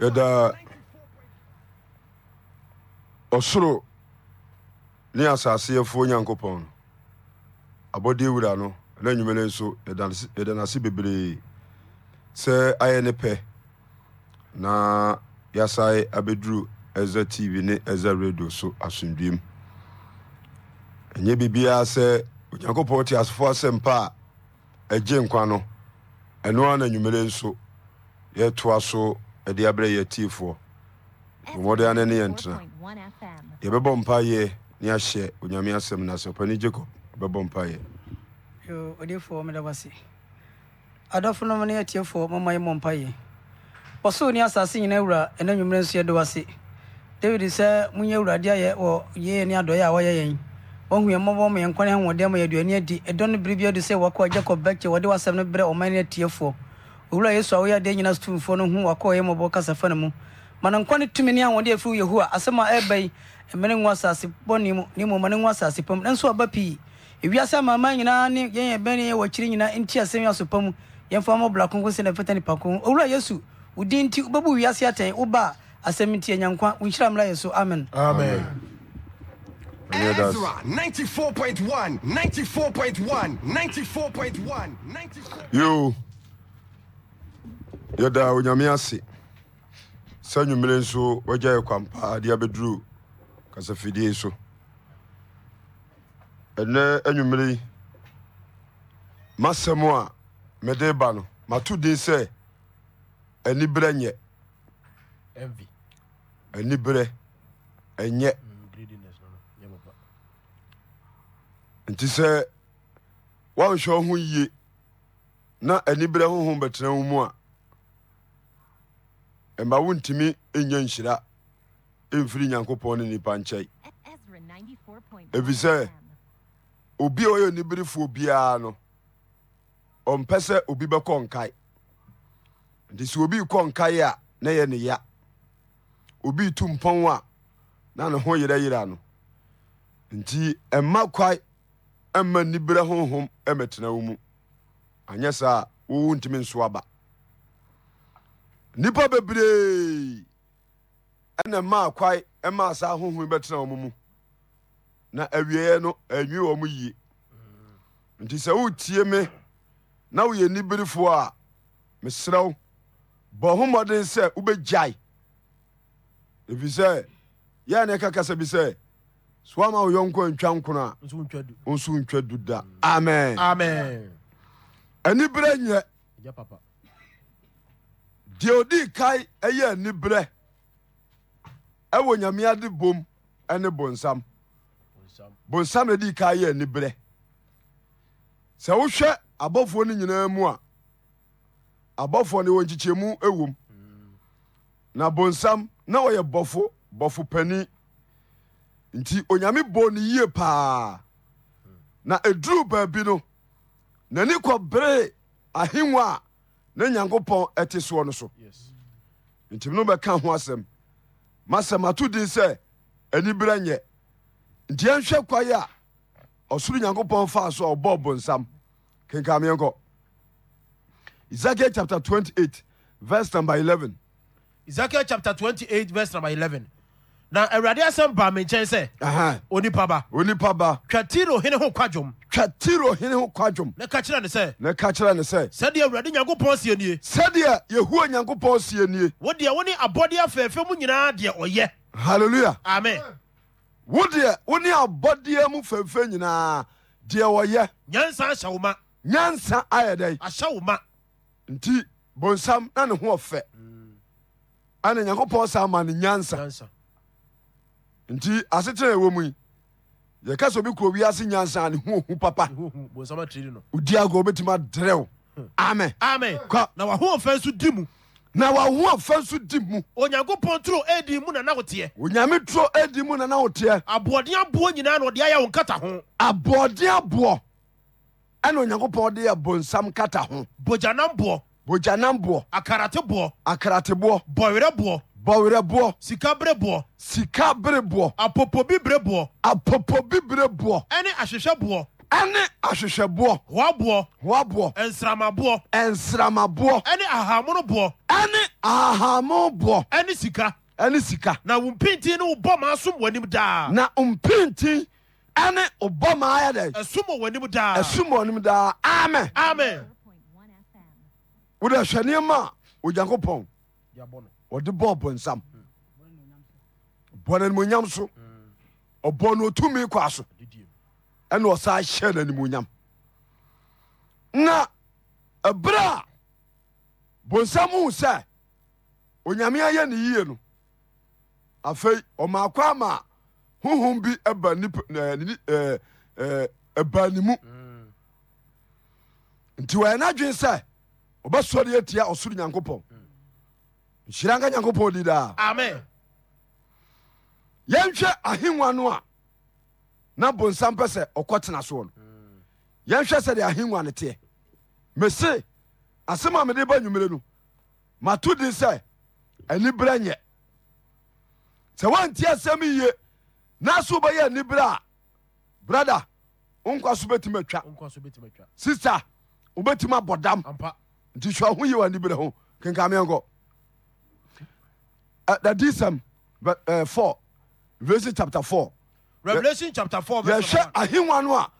yɛdaa ɔsoro ne asase yɛfoɔ nyankopɔn no abɔde wura no na nnwuma no nso yɛda n'ase bebree sɛ ayɛ ne pɛ na yɛasae abɛduru ɛza tv ne ɛza radio so asomdwem ɛnyɛ biribiaa sɛ onyankopɔn te asefoɔ asɛmpa a ɛgye nkwa no ɛno ara na nnwumere nso yɛtoa so ɛde abrɛ yɛ tiefoɔ wɔde ane ne yɛntena yɛbɛbɔ mpayɛ ne ahyɛ onyame asɛm no asɛ ɔpani jacob bɛbɔ mpayɛ odifoɔ meda wase adɔfo nom ne atiefoɔ mama yɛ mɔ mpayɛ ɔsoo ne asase nyina awura ɛna nwummerɛ nso yɛde wase david sɛ monyɛ awurade ayɛ wɔ yɛyɛ ne adɔeɛ a wɔyɛ yɛn wahu yɛn mmɔbɔ ma yɛnkwane ahoɔden ma yɛaduane adi ɛdɔ no biribi adu sɛ wakɔ jacob bɛkyɛ wɔde wasɛm no berɛ ɔman no atiefoɔ owura yesu a woyɛ adeɛ nyina sotumfoɔ no ho wakɔɔ yɛ mmɔbɔ kasafa no mu mana nkwa ne tumi ne ahoɔde afiri yehowa asɛm a ɛba yi mmene ngu asase bɔne mu ne mmoma ne ngu asase pam nanso aba pii ewiase amaaman nyinaa ne yɛn yɛ bɛne yɛ wɔkyiri nyinaa nti asɛm asɔ pa mu yɛmfa mɔ bla konko sɛ na ɛfɛta nipa ko owura yesu wo din nti wobɛbu wiase atɛn woba a asɛm nti anyankwa wo nhyira mmra yɛ so amen amen Ezra 94.1 94.1 94.1 94 yɛda onyame ase sɛ nwummere nso wagya yɛ kwan paa de abɛduru kasafidie so ɛnɛ anwummere yi masɛm a mede ba no mato din sɛ aniberɛ nyɛ aniberɛ ɛnyɛ nti sɛ woanhwɛ wo ho yie na aniberɛ honhom bɛtena wo mu a mma wontumi nyɛ nhyira mfiri nyankopɔn ne nipa nkyɛn ɛfiri sɛ obi a ɔyɛ oniberefoɔ biara no ɔmpɛ sɛ obi bɛkɔ nkae nti sɛ obi kɔ nkae a na yɛ ne ya obi tu mpɔn a na ne ho yerɛyera no nti ɛmma kwae ɛmma nniberɛ honhom ɛmɛtena wo mu anyɛ saa wowo ntumi nso aba Nipa bebree ɛna maa kwae ɛmaa saa honhom bɛtena wɔn mu na awieɛ no anwie wɔn mu yie nti sɛ wotie me na woyɛ nibirifoɔ a mesrɛ wo bɔ ho mmɔden sɛ wobɛgyae ɛfiri sɛ yɛa ne ɛkaka sɛ bi sɛ so woama wo yɔnko ntwa nkono a ɔnso ntwa du da amen anibere nyɛ deɛ odii kae ɛyɛ aniberɛ ɛwɔ nyame ade bom ɛne bonsam bonsam na dii kae yɛ aniberɛ sɛ wohwɛ abɔfoɔ no nyinaa mu a abɔfoɔ no wɔ mu ɛwom mm. na bonsam na ɔyɛ bɔfo bɔfo pani nti onyame bɔ ne yie paa mm. na ɛduruu baabi no n'ani kɔberee ahengua a ne nyankopɔn ɛte soɔ no so ntim no bɛka ho asɛm masɛm ato din sɛ anibera nyɛ nti ɛnhwɛ kwae a ɔsoro nyankopɔn faa so a ɔbɔɔ bonsam kenkameɛnkɔ ezekiel chapter 28 verse number 11 ezekiel chapter 28 verse number 11 na awurade asɛm baa me nkyɛn sɛ onipa ba onipa ba twa tiro hene ho kwadwom twa tiro hene ho kwadwom Ne ka kyerɛ ne sɛ Ne ka kyerɛ ne sɛ sɛdeɛ awurade nyankopɔn sie nie sɛdeɛ yehowa nyankopɔn sie nie wo deɛ wo ne abɔdeɛ afɛɛfɛ mu nyinaa deɛ ɔyɛ halleluya amen wo deɛ wo ne abɔdeɛ mu fɛmfɛ nyinaa deɛ wɔyɛ nyansa ahyɛ wo ma nyansa ayɛ dɛn ahyɛ wo ma nti bonsam na ne ho ɔfɛ ɛna mm. nyankopɔn sa ma ne nyansa nti asetena ɛwɔ mu yi yɛka sɛ obi kuro wiase nyansa ne ho ohu papa odi agorɔ wobɛtumi adrɛw hmm. amen na wahoɔfɛ nso di mu na waho afa nso di mu onyankopɔn turo adi mu nana woteɛ onyame turo adi mu nana woteɛ aboɔden aboɔ nyinaa na ɔde ayɛ wo nkata ho aboɔden aboɔ ɛna onyankopɔn de yɛ bonsam kata ho bogyanamboɔ bogyanamboɔ akarateboɔ akarateboɔ bɔwerɛboɔ bɔwerɛboɔ sika bereboɔ sika bereboɔ apopobi bereboɔ apopobi bereboɔ ɛne ahwehwɛboɔ ɛne ahwehwɛboɔ hoaboɔ hoaboɔ nsramaboɔ nsramaboɔ ɛne ahahamonoboɔ ɛne ahahamonoboɔ ɛne sika ɛne sika na wo mpintin ne wo maa som w'anim daa na mpintin ɛne wo bɔ maa yɛ dɛ ɛsom wɔ w'anim daa ɛsom wɔ w'anim daa amen amen wode hwɛ nneɛma a onyankopɔn yɛbɔ no wɔde bɔɔ bɔnsam bɔ no animonyam so ɔbɔ no ɔtumi kɔa so ɛne ɔsa hyɛ no na ɛberɛ a bonsam hu sɛ onyame ayɛ ne yie no afei ɔmaakɔ ama honhom bi ɛba ne e, e, mu nti wɔyɛ n'adwene sɛ ɔbɛsɔre atia ɔsoro nyankopɔn syira ka nyankopɔn didaa yɛnhwɛ ahenwua no a na bonsam pɛ sɛ ɔkɔ tenason yɛhwɛ sɛdeɛ ahewuane teɛ mese asɛa mede ba wur matode sɛ anibera nyɛ sɛ wonti asɛm ye naso wobɛyɛ anibera a bratda wnka sobɛtim twa siste obtimabɔdamntoynira Uh, that is um, uh, 4, Revelation chapter 4. Revelation Re- chapter 4, verse 1. Yɛhwɛ ahengua no a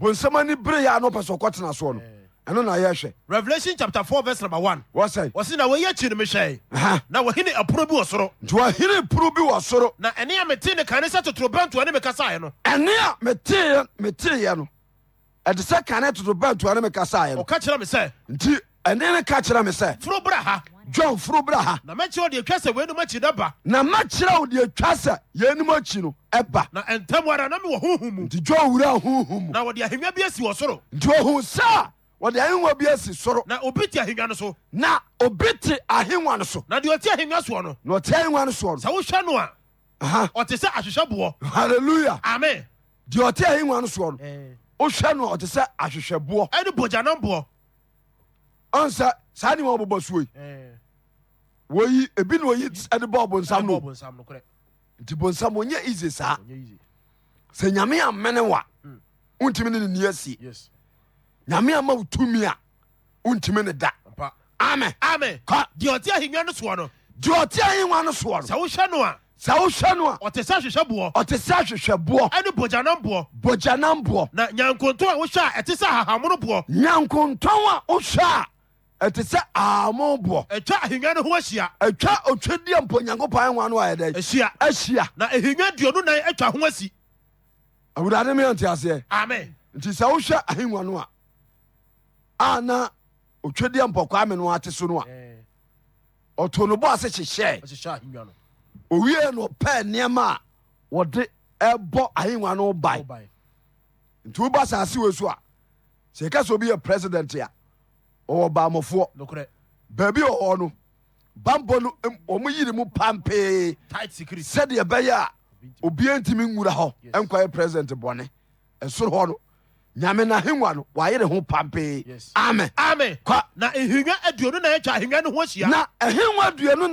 bonsɛm ani bere yɛ a na ɔpɛ sɛ ɔkɔtena soɔ no. Eh. ɛno revelation chapter 4 verse number 1 wɔsɛe wɔse na wɔyi akyi no mehwɛe na wɔhene ɛporo bi wɔ soro nti wɔhene poro bi wɔ soro na ɛne a metee ne kane sɛ totorobɛntoa ne mekasaeɛ no ɛne a metee meteeɛ no ɛte sɛ kane totorobɛntoa ne mekasaeɛ no ɔka kyerɛ me sɛ nti ɛne ne ka kyerɛ me sɛ foro bra ha john foro bra ha na mɛkyerɛ deɛ twa sɛ weinum akyi no ba na makyerɛ wo deɛ twa sɛ yɛanim akyi no ɛba na ɛntɛm ara na mewɔ honhom mu nti john wura honhom mu na wɔde ahennwa bi asi wɔ soro nti ohu sɛ wɔde ahengua bi asi soro na obi te ahennwa no so na obi te ahengua no so na deɛ ɔte ahennwa soɔ no na ɔte ahengua no soɔ no sɛ wohwɛ no a Aha. ɔte sɛ ahwehwɛboɔ hallelujah amen deɛ ɔte ahengua no soɔ no eh. wohwɛ no a ɔte sɛ ahwehwɛboɔ ɛne bogyanamboɔ ɔn sɛ saa ne ma wɔbobɔ suo yi eh woyi ebi na oyi ɛde bɔ bonsam no nti bonsam onye easy saa sɛ nyame amene wa hmm. wontumi ne ne ni asie nyame ama wo tumi a wontumi ne da amen amen kɔ deɛ ɔte ahengua no soɔ no deɛ ɔte ahengua no soɔ no sɛ wohwɛ no a sɛ wohwɛ no a ɔte sɛ hwehwɛ boɔ ɔte sɛ hwehwɛ boɔ ɛne bogyanam boɔ bogyanam boɔ na nyankontɔn a wohwɛ a ɛte sɛ ahahamono boɔ nyankontɔn a wohwɛ a ɛte sɛ amoboɔ ɛtwa ahengua no ho ahyia ɛtwa otwadiɛ mpo nyankopɔn ɛwa no ayɛ dɛ ahyia ahyia na ahengua duonu nan atwa ho asi awurade meyɛnte aseɛ amen nti sɛ wohwɛ ahengua no a a na otwadiɛ mpɔ kwame no ate so no a eh. ɔto no bɔ ase hyehyɛe owie no ɔpɛɛ nneɛma a wɔde ɛbɔ ahengua no bae nti woba asase wei so a sɛ ɛka sɛ obi yɛ president a ɔwɔ bammɔfoɔ baabi wɔwɔ no banbɔ no ɔmo yiri mu pampee sɛdeɛ ɛbɛyɛ a obia ntimi nwura hɔ ɛnkɔyɛ present bɔne ɛsoro hɔ no nyame nahenwa no wayere ho pampee amen na ahenwa aduonu nan atwa ahenwa no na ahenwa aduonu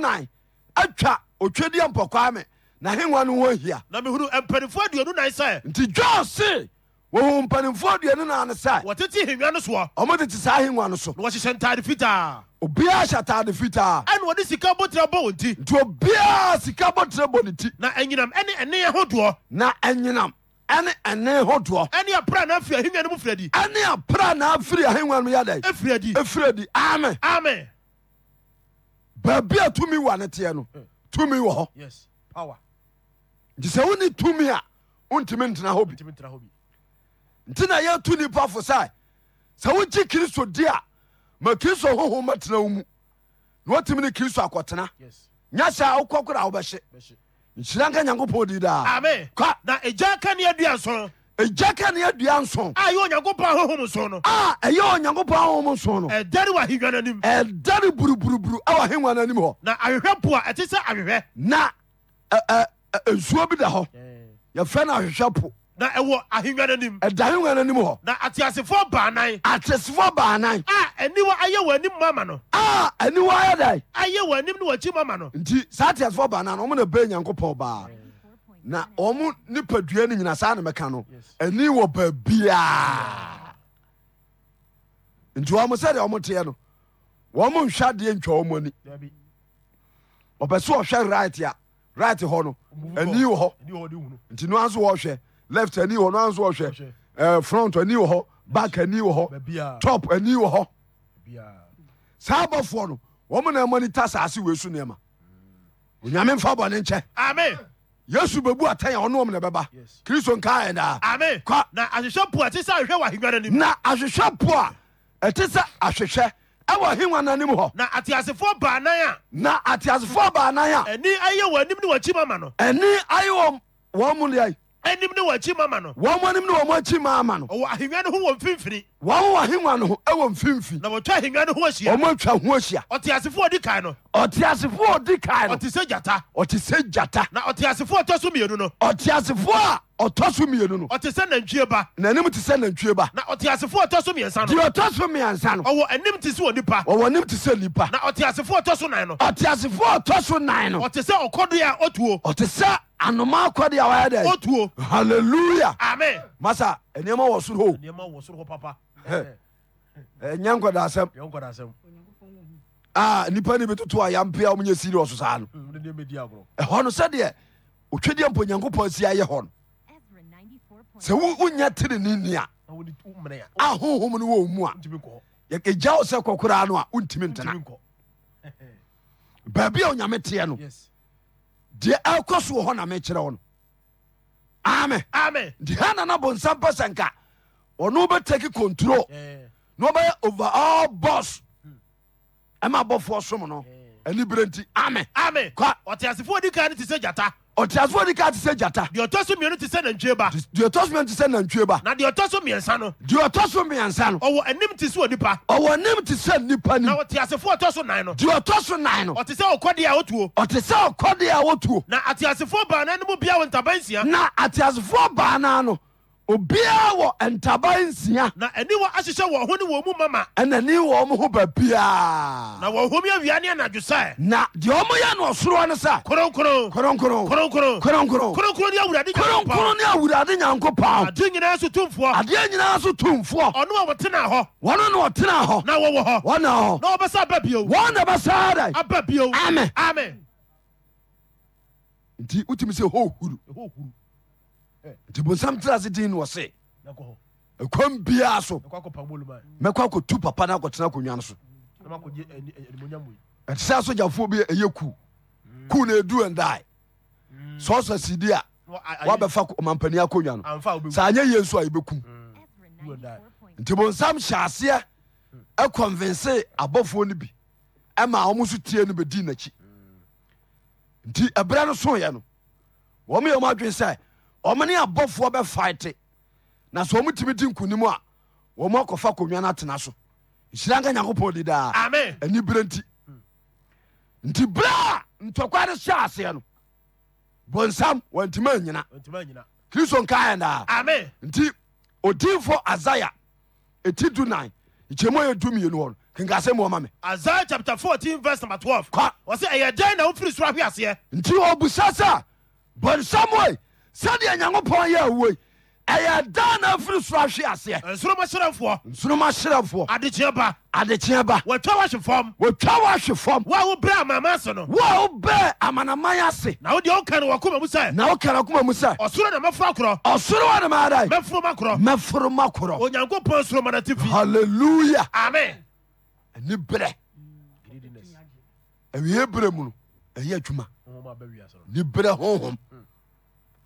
me na ahenwa no ho ahia nti dwa se wɔwɔ mpanimfoɔ aduane na ane sɛ wɔtete ahengua no soɔ ɔmo tete saa ahengua no so na wɔhyehyɛ ntade fitaa obiaa hyɛ atade fitaa ɛne wɔde sika botrɛ bɔ wɔn ti nti obiaa sika botrɛ bɔ ne ti na anyinam ɛne ɛne ahodoɔ na anyinam ɛne ɛne hodoɔ ɛne apra na afiri ahengua no mu firi adi ɛne apra na afiri ahengua no mu yɛ dɛn ɛfiri adi ɛfiri adi amen amen baabi a tumi wɔ ne teɛ no mm. tumi wɔ hɔ yes power nti sɛ wone tumi a wontimi ntena hɔ bi nti na yɛtu nnipa fo sɛ sɛ wogye kristo di a ma kristo hoho matena wo mu na watumi ne kristo akɔtena nya sɛ wokɔ kora wobɛhye nhyira nka nyankopɔn di daa na ɛgya ka ne adua nson ɛgya ka ne adua nson a ɛyɛ onyankopɔn ahohom so no a ɛyɛ onyankopɔn ahohom so ɛdare buruburuburu awɔ ahengua no anim hɔ na ahwehwɛ po a ɛte sɛ ahwehwɛ na nsuo bi da hɔ yɛfrɛ no ahwehwɛ po na ɛwɔ ahengua no anim ɛda ahengua no anim hɔ na ateasefoɔ baanan ateasefoɔ baanan a aniwa ayɛ wɔ anim mama no a aniwa ayɛ dɛn ayɛ wɔ anim ne wɔakyi mama no nti saa ateasefoɔ baanan no ɔmo na bɛɛ nyankopɔn baa na ɔmo nipadua no nyina saa na mɛka no ani wɔ baabiaa nti ɔmo sɛdeɛ ɔmo teɛ no wɔmo nhwɛ adeɛ ntwa ɔmo ani ɔpɛ sɛ ɔhwɛ right a right hɔ no ani wɔ hɔ nti noa nso wɔhwɛ left ani wɔ no anso ɔhwɛ front ani wɔ hɔ back ani wɔ hɔ top ani wɔ hɔ saa abɔfoɔ no wɔn na ɛmɔ ni ta saase wɔ esu nneɛma onyame nfa bɔ ne nkyɛn. amen. yesu bɛbu atɛn a ɔnoɔm na ɛbɛba kristo nka ɛdaa Amen. kɔ na ahwehwɛ po a ɛte sɛ ahwehwɛ wɔ ahengua no anim na ahwehwɛ po a ɛte sɛ ahwehwɛ ɛwɔ ahengua no anim hɔ na ateasefoɔ baanan a na ateasefoɔ baanan a ɛni ayɛ wɔ anim ne wɔakyi mama no ɛni ayɛ wɔ wɔn mu deɛ anim ne wɔakyi ma ma no wɔn anim ne wɔn akyi ma ama no ɔwɔ ahengua no ho wɔ mfimfini wɔn ahengua no ho wɔ mfimfini na wɔtwa ahengua no ho ahyia wɔn atwa ho ahyia ɔte ɔdi kan no ɔte asefoɔ ɔdi kan no ɔte sɛ gyata ɔte sɛ gyata na ɔte asefoɔ ɔtɔ so mmienu no ɔte a ɔtɔ so mmienu no ɔte sɛ nantwie ba n'anim te sɛ nantwie ba na ɔteasefo ɔtɔ so mmiɛnsa no deɛ ɔtɔ so mmiɛnsa no ɔwɔ anim te sɛ onipa ɔwɔ anim ti sɛ nipa na ɔteasefo ɔtɔ so nan no ɔteasefo ɔtɔ so nan no ɔte sɛ ɔkɔdeɛ a ɔtuo ɔte sɛ anoma akɔde a wɔyɛ dɛ ɔtuo hallelujah amen masa nneɛma wɔ soro hɔ nneɛma wɔ soro hɔ papa nyɛ nkɔdaasɛm nyɛ nkɔdaasɛm a nipa ni bi toto a yampea ɔmo nyɛ siri ɔso saa no hmm, ɛhɔ no sɛdeɛ otwedeɛ mpo nyankopɔn si ayɛ sɛ woya tere nenia ahohomeno wmua ɛgyao sɛ kɔkora no a wontimi ntena baabi a oyame teɛ no deɛ ɛkɔ sowɔ hɔ namekyerɛw no nnbosan pesen ɔnbɛtek control ovall bos mabɔfo som nonibernt ɔteasefoɔ di ka te sɛ jata. deɛ ɔtɔ so mmienu te sɛ nantwie ba deɛ ɔtɔ so mmienu te sɛ nantwie na deɛ ɔtɔ so mmiɛnsa no deɛ ɔtɔ so mmiɛnsa no ɔwɔ anim te sɛ onipa ɔwɔ anim ti sɛ nipa. nim na ɔteasefoɔ ɔtɔ so nan no deɛ ɔtɔ so nan no ɔte sɛ ɔkɔdeɛ a wotuo ɔte sɛ ɔkɔdeɛ a wotuo na ateasefoɔ baana no mu bia wɔ ntaba nsia na ateasefoɔ baana no obiara wɔ ntaba nsia na ɛne wɔ ahyehyɛ wɔn ho ne wɔn mu mama ɛna ni wɔn mo ho ba biara na wɔn ho mi awia ne anadwo na deɛ wɔn yɛ no ɔsoro no sɛ kronkron kronkron kronkron kronkron kronkron ne awurade nyankopɔn kronkron ne awurade nyankopɔn adeɛ nyinaa so tumfoɔ adeɛ nyinaa so tumfoɔ ɔno a wɔtena hɔ wɔno na ɔtena hɔ na wɔwɔ hɔ wɔna hɔ na wɔbɛsa aba bio wɔn na bɛsa ada aba bio amen amen nti wotumi sɛ hɔ huru hɔ huru nti bonsam tera ase din wɔ se ɛkwan biaa so mɛkɔ akɔtu papa na akɔtena akonnwa no so ɛte sɛ sogyafoɔ bi ɛyɛ ku mm. ku na ɛdu ɛndae mm. sɛ ɔsɔ sidi a wabɛfa ɔmampani akonnwa no sɛ anyɛ yie nso a yɛbɛkum mm. nti bonsam hyɛ aseɛ ɛkɔnvinse abɔfoɔ no bi ɛma ɔmo nso tie no bɛdi n'akyi nti ɛberɛ no soeɛ no wɔm yɛ ɔmo adwene sɛ ɔmane abɔfoɔ bɛfaete na sɛ ɔmotumi di nkonim a wɔm akɔfa konwa no atena so nhyira nka nyankopɔn di daa anibere nti nti berɛ a ntɔkwa de hyɛ aseɛ no bonsam wantima anyina kristo nka ɛndaa nti odinfo azaya ɛti du nan nkyɛmu yɛ dumienu hɔ no kenkasɛ mu ɔma azaya chapter 14 verse number 12 ɔsɛ ɛyɛ den na wofiri soro ahwe aseɛ nti ɔbusa sɛ bonsam oi sɛdeɛ nyankopɔn yɛ awoi ɛyɛ da na afiri soro ahwe aseɛ nsoroma hyerɛfoɔ nsoroma hyerɛfoɔ adekyeɛ ba adekyeɛ ba wɔtwa wo ahye fam wɔtwa wo ahye fam wo a wobrɛ amanaman ase no wo a wobrɛ amanaman ase na wodeɛ woka no wakoma mu na woka no akoma mu sɛ ɔsoro na mɛforo akorɔ ɔsoro wa namaadae mɛforo makorɔ mɛforo O onyankopɔn soroma no te fi halleluya amen ani berɛ awie berɛ mu no ɛyɛ adwuma ni berɛ honhom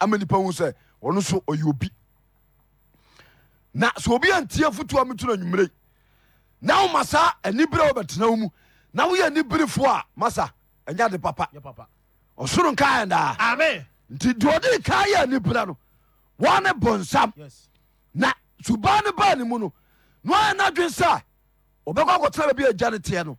ama nipa hu sɛ ɔno so ɔyɛ obi na sɛ obi antie fotoa meto no anwummerei na woma saa anibere a wɔbɛtena wo mu na woyɛ aniberefoɔ a masa ɛnyɛ de papa ɔsoro nka ɛndaa nti deɛ ɔde ka yɛ anibera no wɔne bɔnsam na subaa no baa ne mu no na ɔyɛ no adwen sɛ ɔbɛkɔ akɔtena baabi a agya no teɛ no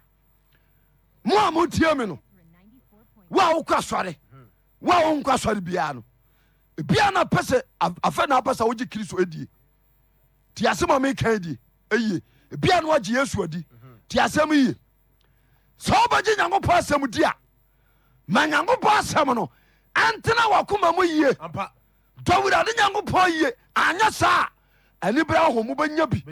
moamotie mi no woa woka sare w wonkasre biaa n bianapɛnsɛwoge kristoaɛaineyesasɛe sɛ wobɛgye nyankopɔn asɛm di a ma nyankopɔn asɛm no ɛntena wako ma mɔ yie dɔ warade nyankopɔn ye anyɛ saa a anibra woho mobɛnya bi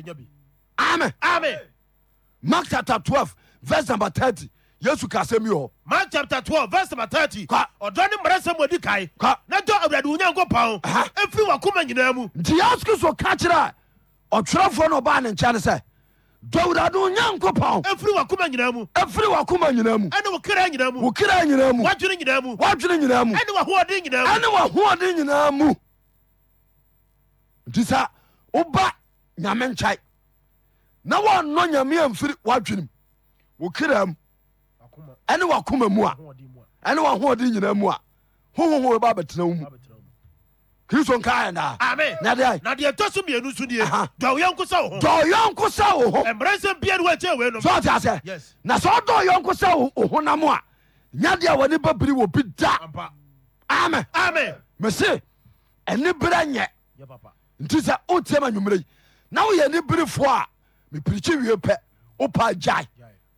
ammak2n30 yesu ka asɛm hɔ mark chapter twelve verse number 30 ɔdɔ ne mmarɛsɛm wɔdi kae na dɔ awurade wo nyankopɔn ɛfiri wakoma nyinaa mu nti yesu so ka kyerɛ a ɔtwerɛfoɔ no ɔbaa ne nkyɛ ne sɛ dɔ awurade wo nyankopɔn ɛfiri wakoma nyinaa mu ɛfiri wakoma nyinaa mu ɛne wo nyinaa mu wo kra nyinaa mu wadwene nyinaa mu wadwene nyinaa mu ɛne wahoɔden nyinaa mu ɛne wahoɔden nyinaa mu nti sɛ woba nyame nkyɛe na wɔnnɔ nyame amfiri wadwenem wo kra mu ɛne wakoma mu a ɛne wahoɔde nyina mu a hohohoebabɛtenawo mu kristo kdyɔnko sɛ woh na sɛ wodɔ yɔnko sɛ o ho namo a ya dea wɔne babire wɔbi da m mese ɛnebera nyɛ nti sɛ otam anwummerei na woyɛ ne berefoɔ a mepirikyi wie pɛ wopa ya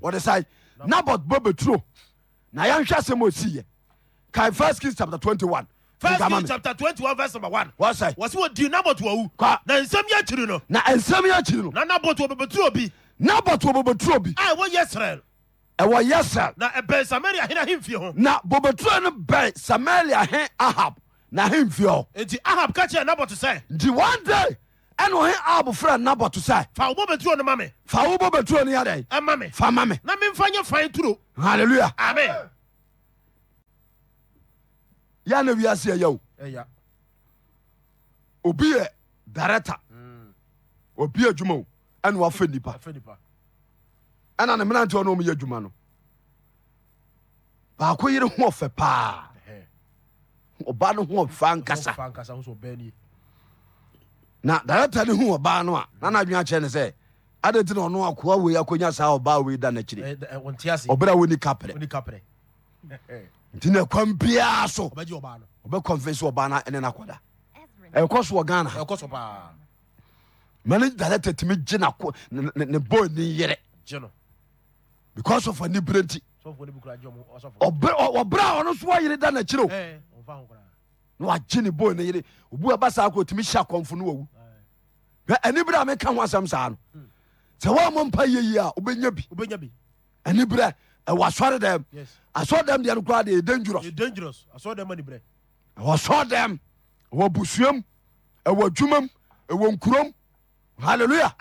wɔde sae nabot bɔ bɛturo na yɛnhwɛ asɛm ɔsiiɛ kae first kings chapter twenty one one. verse number 21 nsɛm yɛakyiri no nabot wɔ bobɛturo bi ɛwɔ yɛsrel na bobɛturo no bɛn ah, eh, eh, samaria he ahab na ahemfie hɔ nti ahab ka kyerɛ nabot sɛ nti one day ɛna ɔhe ab frɛ nabɔt sɛ fa wo bɔbɛturo no ma me fa wo bɔbɛturo no yɛdɛ ɛma me fa ma me na memfa nyɛ fan turo halleluya amen yɛ na wiase ɛyɛ o obi yɛ darɛta mm. obi yɛ adwuma o ɛna wafa nipa ɛna ne mmerante ɔno ɔmyɛ adwuma no baako yere ho ɔfɛ paa ɔba no ho ɔfa nkasa na director no hu ɔbaa no a na nadwene akyerɛ no sɛ adɛ nti na ɔno akoa wei akɔnya saa ɔbaa wei da n'akyiri eh, eh, ɔberɛ a wɔni kaprɛ nti na kwan biaa so ɔbɛkɔmfɛnsi ɔbaa no ɛne no akɔda ɛkɔ so wɔ ghana mane director tumi gye ne boy ne yere because of ani berɛ nti ɔberɛ a ɔno so wayere da n'akyiri o eh, na jini ne boy ne yere ubu abasa akɔ tumi hyɛ akɔmfo no wawu ɛniberɛ a meka ho asɛm saa no mm. sɛ wamɔ mpa yeyi a wobɛnya bi ɛniberɛ ɛwɔ asɔre dɛm asɔre dɛm deɛ no koraa de yɛ dangerous ɛwɔ asɔre dɛm ɛwɔ busuam ɛwɔ adwumam ɛwɔ nkurom halleluya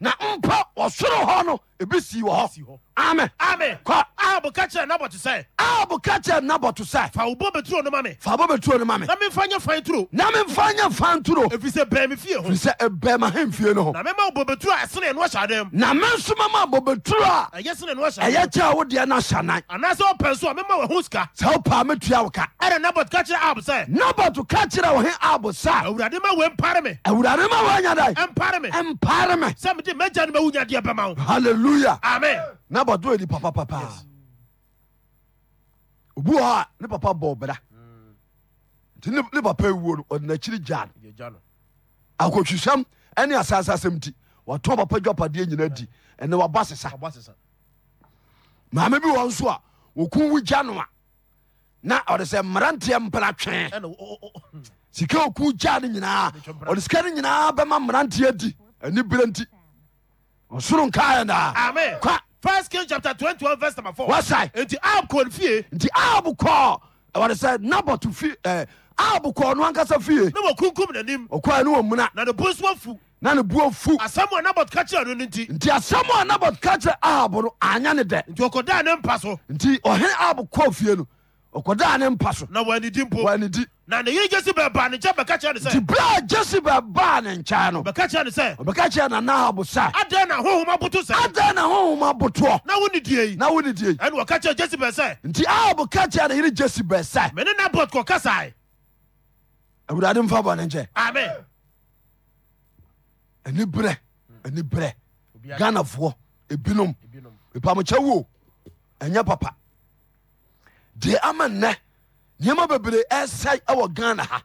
na mpa ɔsoro hɔ no ebi sii wɔ hɔ amen kɔ aabu kakyɛ nabɔto sɛ aabu kakyɛ nabɔto sɛ fa wo beturo no ma me fa bɔ beturo no ma me na mi nfa nyɛ fan turo na mi nfa nyɛ fan turo efisɛ bɛn mi fie ho bɛn ma hɛn fie no ho na mi ma beturo a ɛsɛn ɛnu ɔhyɛ na mi nso ma ma beturo a ɛyɛ sɛn ɛnu ɔhyɛ ɛyɛ kyɛ awo deɛ anaasɛ a mi ma wɔ ho sika sɛ ɔpɛ pa mi tuya wɔ ka ɛna nabɔto kakyɛ aabu sɛ nabɔto kakyɛ wɔ hɛn aabu sa. awurade ma me me me wo hallelujah. nbado ni papapa obua ne papa bo bra tine papa aw nacire jan ako isam nesasasem ti aton papa jpad yina di ne wabasesa mame bi wsoa oku we janoa na oese marantie mpra te skku an yin yin t n ɔsoro nkaɛ naa first king chapter twenty one verse number four. wasaɛ. nti aab kɔ fie. nti aab kɔ wɔde sɛ nabɔtu fie ɛɛ aab kɔ ɔno ankasa fie. ne wɔ kunkum n'anim. ɔkɔɛ ne wɔ muna. na ne bo nso afu. na ne buo fu. asɛm a nabɔt ka kyerɛ no no nti. nti asɛm a nabɔt ka kyerɛ aab no anya ne dɛ. nti ɔkɔdaa ne mpa so. nti ɔhene aab kɔ fie no ɔkɔdaa ne mpa so na wɔanidi mpo wɔanidi na ne yere jezebel baa ne nkyɛn bɛka kyerɛ no sɛ nti berɛ a jezebel baa ne nkyɛn ɔbɛka kyerɛ na nahab sa na honhom aboto sɛ adɛn na honhom abotoɔ na wo ne die yi na wo ne die yi ɛne wɔka kyerɛ jezebel sɛ nti ahab ka kyerɛ ne yere jezebel sɛ mene nabot kɔkasae awurade mfa bɔ ne nkyɛ amen ani berɛ ani berɛ ghanafoɔ ebinom epamokyɛ wo ɛnyɛ papa mene nama bebr se wo ganha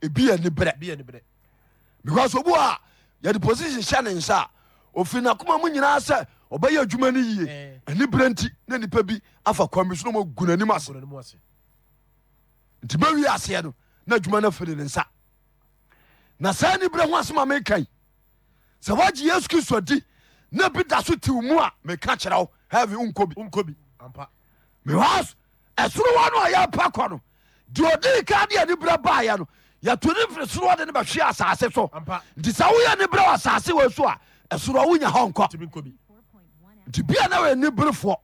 bi nibera bease b yee posien se ne sa fiyi sanibra ske e ye kristo in i daso tem mekara ɛsorowa no ɔyɛ pa kɔ no deɛ ɔdii ka de ani berɛ baayɛ no yɛto ne mfiri soro de no bɛhwe asase so nti sɛ woyɛ ne berɛ wɔ asase wɔ so a ɛsoro wonya hɔ nkɔ nti bia na wɔani berefoɔ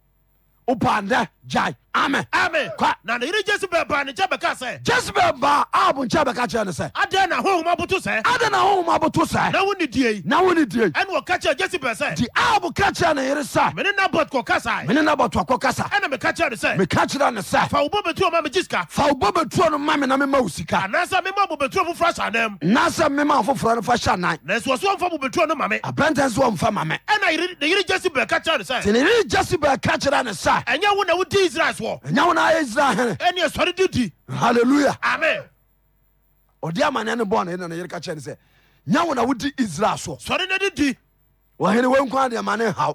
wopandɛ gyae amen. amen. kwa na ne yere jezebel baa ne nkyɛn bɛka sɛ. jezebel baa aab nkyɛn bɛka kyerɛ ne sɛ. adan na ahohom aboto sɛ. na ahohom aboto na wo ni die yi. na wo ni die yi. ɛna wɔka kyerɛ jezebel sɛ. di aab ka kyerɛ ne yere sɛ. mene nabot kɔ kasa. mene nabot kɔ kasa. ɛna meka kyerɛ ne sɛ. meka kyerɛ ne sɛ. fa wo bɔ betuo ma mi ji fa wo bɔ betuo no ma mi na mi ma wo sika. anaasɛ mi ma bo betuo foforɔ ahyɛ anan mu. naasɛ mi ma foforɔ no fa hyɛ anan. na esu ɔsɔ nfa bo betuo no ma mi. abɛntɛn so ɔnfa ma mi. ɛna ne yere jezebel ka kyerɛ ne sɛ. ti yere jezebel ka kyerɛ ne sɛ. ɛnyɛ wo na wo di israel ɔsɔfoɔ ɛnyɛ wo na israel hene ɛne ɛsɔre didi halleluya amen ɔde amanneɛ no bɔɔ ne ne yere ka kyerɛ ne sɛ nyɛ wo na wodi israel soɔ sɔre na didi wɔhene wɔnkwa deɛ ma ne haw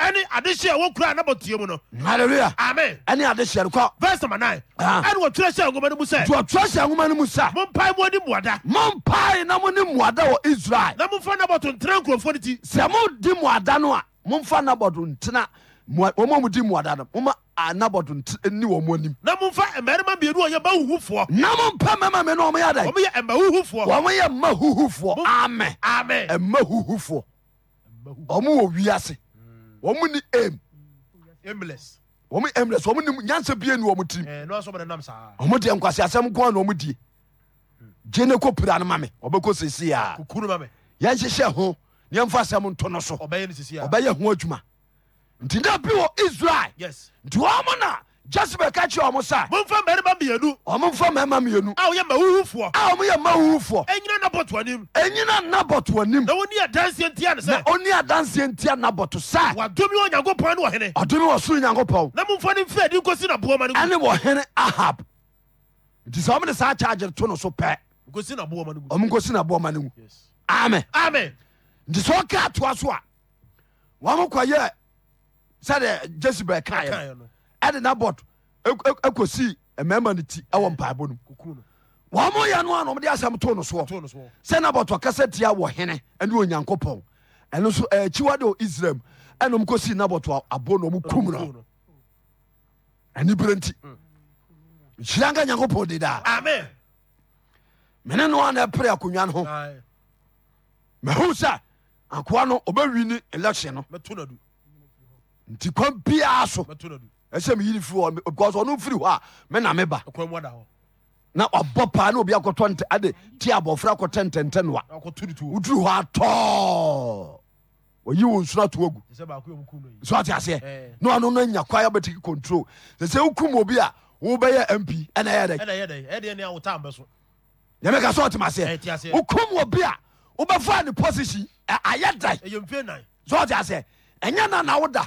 ɛne adehyɛ a wɔkura na bɔtie mu no hallelujah amen ɛne adehyɛ no kɔ verse number nine ɛne wɔtwerɛ hyɛ nwoma no mu sɛ nti ɔtwerɛ hyɛ nwoma no mu sa mompae mu ne mmuada mompae na mo ne mmuada wɔ israel na momfa nabɔto ntena nkurɔfoɔ no ti sɛ modi mmuada no a momfa nabɔto ntena wɔma mu di mmuada no moma nabɔto ni wɔ mu anim na momfa mmarima mmienu a ɔyɛ ba huhufoɔ na mompa mmarima mmienu a ɔmoyɛ dɛn ɔmoyɛ mma huhufoɔ ɔmoyɛ mma huhufoɔ amen amen mma huhufoɔm ɔmo wɔ wiase wɔm eh, ni msɔmn nyansɛ bie nu wɔmtim ɔmdeɛ nkwase asɛm ko ana ɔmdie gye nɛ kɔ pira nomame ɔbɛkɔ seseea yɛnhyehyɛ ho na yɛmfa asɛm ntono soɔbɛyɛ ho adwuma nti na bi wɔ israel ntiɔn jezebel ka kyerɛ ɔmo sa momfa mmarima mmienu ɔmomfa mmarima mmienu a wɔyɛ mawuwufoɔ a ɔmo yɛ mawuwufoɔ ɛnyina nabɔto anim ɛnyina nabɔto anim na wɔni adanseɛ ntia ne sɛ na ɔni adanseɛ ntia nabɔto sa wadomi wɔ nyankopɔn ne A ɔdomi wɔ soro nyankopɔn na momfa ne mfiri adi nkɔsi naboɔma no ɛne wɔhene ahab nti sɛ ɔmene saa kyagye to no so pɛ ɔmo nkɔsi naboɔma no mu amen amen nti sɛ ɔka atoa so a wɔmo kɔyɛ sɛdeɛ jezebel kaeɛ no ɛde nabɔt ɛkɔsii mmarima no ti ɛwɔ mpaebɔ no wɔn mo yɛ no a na wɔde asɛm to no soɔ sɛ nabɔt ɔkasa tia wɔ hene ɛne onyankopɔn ɛno nso akyiwa de wɔ israel ɛna ɔmo kɔsii nabɔt abɔ na ɔmo kum no anibere nti mm. nhyira nka nyankopɔn de daa mene no a na ɛpere akonnwa no ho mahu sɛ akoa no ɔbɛwi ne election no nti kwan biaa so ɛsɛ meyiri firi hɔ because ɔno mfiri hɔ a me na meba na ɔbɔ paa na obi akɔtɔ nt ade ti abɔfra akɔtɛ ntɛntɛnoa woduru hɔ atɔɔ ɔyi wo nsuno ato agu so ate aseɛ na ɔno no anya kwa yɛbɛtiki control sɛ sɛ wokum obi a wobɛyɛ mp ɛna ɛyɛ dɛ nyame ka sɛ ɔtem aseɛ wokum obi a wobɛfaa ne position ayɛ dai so ate aseɛ ɛnyɛ na na woda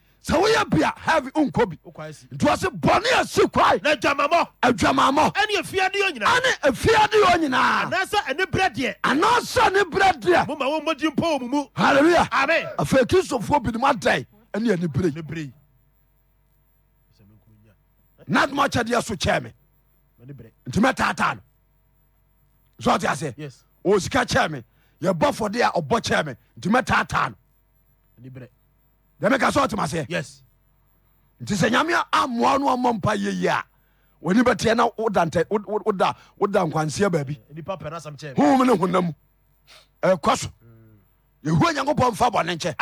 sɛ woyɛ bia heavy nkɔ bi nti wɔ se bɔne asi kwae na adwamammɔ adwamammɔ ɛne afiade yɛ nyinaa ane afiade yɛ nyinaa anaasɛ ɛne berɛ deɛ anaasɛ ne berɛ deɛ moma wɔmmɔgye mpa wɔ mu mu halleluya amen afei kristofoɔ binom adɛn ɛne ɛne berɛ na doma kyɛdeɛ so kyɛɛ me nti mɛtaataa no sɛ ɔte aseɛ ɔwɔ sika kyɛɛ me yɛbɔ fɔde a ɔbɔ kyɛɛ me nti mɛtaataa no dɛmeka sɛ ɔtemaseɛ nti sɛ nyame amoa no amɔ mpa yeyi a wani bɛteɛ na woda nkwanseɛ baabi hohom ne hona mu ɛkɔ so mm. yɛhua nyankopɔn mfa bɔne nkyɛ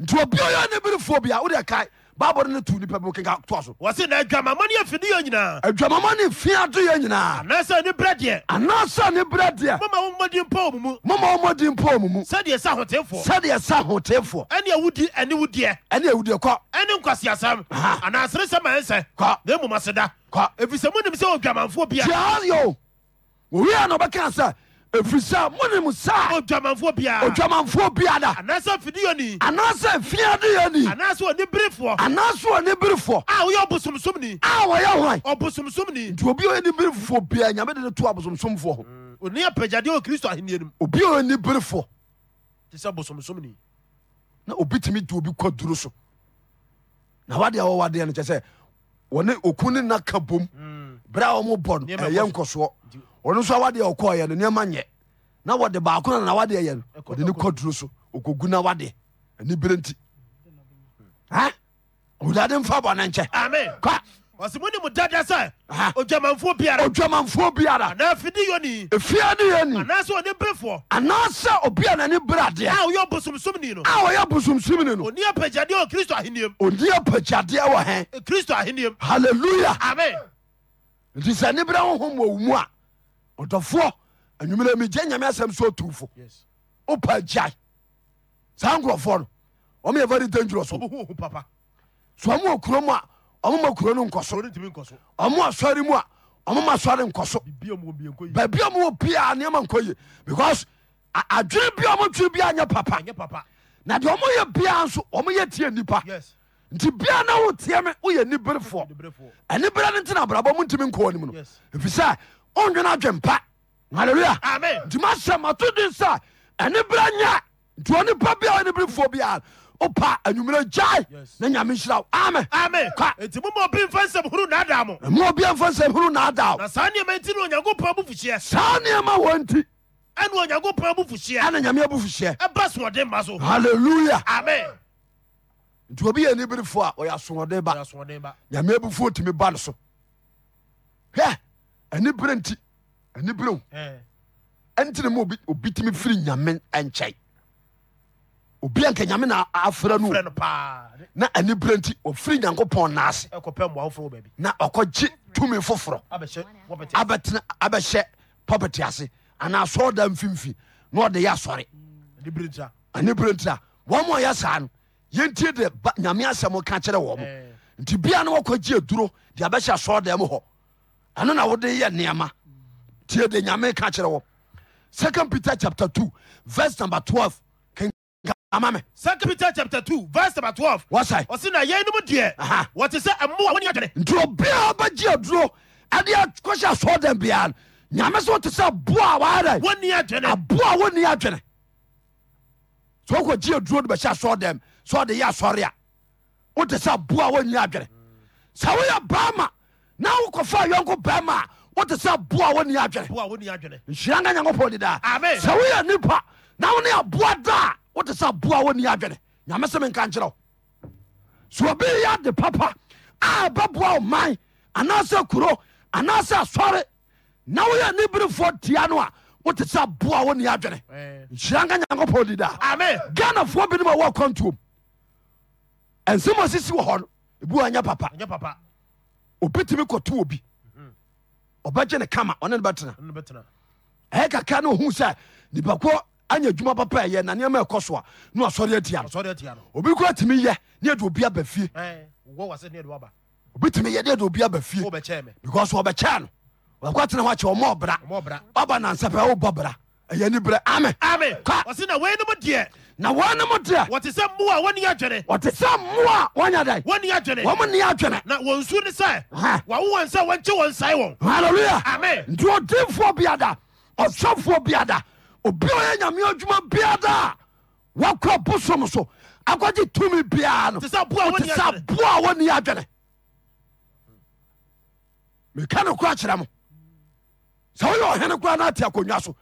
nti obi ɔyɛ ne berefoɔ bia wode kae bible no tu nipa mu kenka toa so wɔse na adwamama ne afi ne yɛ nyinaa adwamama ne fi adoyɛ nyinaa anaasɛ ne berɛ deɛ anaasɛ ne berɛ deɛ moma wommɔdi mpa ɔ mu moma wommɔdi mpa ɔ mu mu sɛdeɛ sa hotefoɔ sɛdeɛ sa hotefoɔ ɛne awudi ɛne wodeɛ ɛne awudeɛ kɔ ɛne nkwaseasɛm anaasere sɛ ma ɛnsɛ kɔ na mmom aseda kɔ ɛfiri sɛ monim sɛ odwamanfoɔ bia tiaa yo wɔwie a na ɔbɛka sɛ ɛfiri sɛ monem saodwamanfoɔ biada anaasɛ fidiyoni anaasɛ fiadeyoni anaasɛ ɔne berefoɔ anaasɛ ɔne berefoɔ a woyɛ ɔbosomsomni a wɔyɛ hwan ɔbosomsomni nti obi a ɔyɛ ne berefoɔ biaa nyame de ne to abosomsomfoɔ ho ɔne mm. apagyadeɛ wɔ kristo ahenniɛ nom obi a ɔni berefoɔ te sɛ bosomsomni na obi tumi de obi kɔ duro so na wadeɛ wɔwadeɛ no kyɛ sɛ wɔne oku ne nna ka bom mm. berɛ a wɔmobɔ no ɛyɛ nkɔsoɔ ɔno nso awadeɛ ɔkɔɔyɛ no nneɛma nyɛ na wɔde baako na nawadeɛ yɛ no ɔde ne kɔduro so ɔkɔgu na wadeɛ ani bere nti owurade mfa bɔ ne nkyɛ kɔ ɔsɛmone mu dada sɛ odwamanfoɔ biara odwamanfoɔ biara anaa fidi yoni efia ne yoni anaasɛ ɔne berefoɔ anaasɛ obi a n'ani bere adeɛ a ɔyɛ bosomsomni no a ɔyɛ bosomsomni no o apagyadeɛ ahiniyem? kristo ahenniam ɔni apagyadeɛ wɔ hɛn kristo ahenniam halleluya amen nti sɛ ne bere honhom wɔ wo a ɔdɔfoɔ anwumere megye nyame asɛm so otufo wopa gyae saa nkurɔfoɔ no ɔmyɛ very dangerous so ɔmo kuro mu a ɔmoma kuro no nkɔ so ɔmo asɔre mu a ɔmoma asɔre nkɔ so baabi a mowɔ pia nneɛma nkɔ ye because adwene bia ɔmo twere bia nyɛ papa na deɛ ɔmoyɛ bia nso ɔmoyɛ tie nipa nti bia na woteɛ me woyɛ niberefoɔ ɛnibere no ntena abrabɔ mo ntimi nkɔɔ nim no Yes ɔndwene adwe mpa halleluya nti masɛ mato den sɛ ɛne bra nyɛ nti ɔne pa bia ɔne berefoɔ bia wopa anwummerɛ gyae na nyame nhyira wo ame mfa nsɛm horo naadaa nneɛma wɔ nti ɛne onyankopɔn abufuhyeɛ ɛne nyame abufuhyeɛ ɛba soɔden ma so halleluya amen nti obi yɛ aniberefoɔ a ɔyɛ asoɔden ba nyame abufuo tumi ba no so hwɛ ɛni bere nti ɛni bere o eh. ɛnti ne mu obi obi timi firi nyame nkyɛn obi anka nyame na afra no na ɛni bere nti ofiri nyanko pɔn naase na ɔkɔ gye tumi foforɔ abɛtena abɛhyɛ pɔpɛti ase ana asɔɔda mfimfin na ɔde yɛ asɔre mm. ɛni bere nti a wɔn mu a saa no yɛntie de nyame asɛm ka kyerɛ wɔn eh. nti bia na wɔkɔ gye aduro de abɛhyɛ asɔɔda mu hɔ. ɛno na wode yɛ nneɛma tie de nyame ka kyerɛ wɔ second peter chapter 2 verse number 12 ama second peter chapter 2 verse number 12 What's wɔsae ɔse na yɛinom deɛ going to ɛmmoa wone adwene nti obiaa bɛgye aduro ɛde akɔhyɛ asɔɔdan biara no nyame sɛ wote sɛ boa a waada woni adwene aboa a woni adwene sɛ wokɔgye aduro de bɛhyɛ asɔɔdan sɛ ɔde they are a wote sɛ boa a wonni adwene sɛ woyɛ baa ma na wokafa yonko bamaa wote sɛ boa won enepdwoyɛ nipa nawoneaboa da wote saboawonene nasmka kyerɛ obi yade papa ababoa oman anasɛ kuro anasa sɔre na woyɛ niberefoɔ tia no a wotesa boawon wee nyiaanakpdanafoɔbnwtnsssi wwyɛ papa obi tumi kɔto obi mhm. ɔbɛgye ne kama ɔne ne bɛtena ɛyɛ kakra ne ohu sɛ nipa ko anya adwuma papa ɛyɛ na nneɛma ɛkɔ so a na asɔre atia no obi kora tumi yɛ ne yɛde obi aba fie obi tumi yɛ ne yɛde obi aba fie because wɔbɛkyɛɛ no wakɔ tena hɔ akyɛ ɔmɔ bra ɔba nansɛpɛ wobɔ bra ɛyɛ ni Amen. ame ɔse na wei nom deɛ na wɔne mo deɛ wɔte sɛ mmoa wɔne adwene wɔte sɛ mmoa wɔnya dɛn wɔne adwene wɔm ne adwene na wɔn su ne sɛ wawo wɔn sɛ wɔnkye wɔn nsae wɔn halleluya amen nti ɔdinfoɔ biada ɔsɔfoɔ biada obi a ɔyɛ nyame adwuma biada a wakɔ bosom so akɔgye tumi biara no te sɛ boa wɔne adwene meka no kora kyerɛ mo sɛ woyɛ ɔhene kora no ate akonnwa so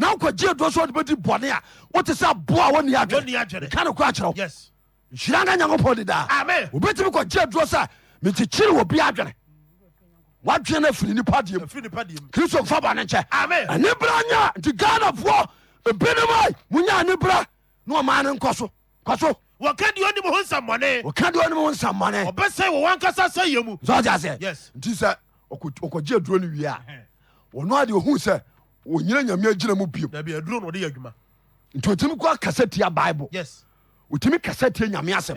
na wokɔgye doɔ so wode bɛdi bɔne a wote sɛ boa woni adwene ka no kora kyerɛ wo nhyira nka nyankopɔn didaa wobɛtumi kɔgye doɔ sɛ menkyekyere wɔ bia adwene wadwene no afiri nipa deɛm kristo mfa bɔne nkyɛ ɛne bra nya nti ghanafoɔ binom a munya ne bra na ɔma ne nkɔ so kɔ so wɔka deɛ onim ho nsammɔne wɔka deɛ onim ho nsammɔne ɔbɛsɛe wɔ wankasa sɛ yɛ mu sɛ ɔde Yes. nti sɛ ɔkɔgye aduro no wie a ɔno ade ɔhu sɛ onyina nyame agyina mu bio dabi aduro na ɔde yɛ adwuma nti otumi kɔ akasa tia bible yes otumi kasa tia nyame asɛm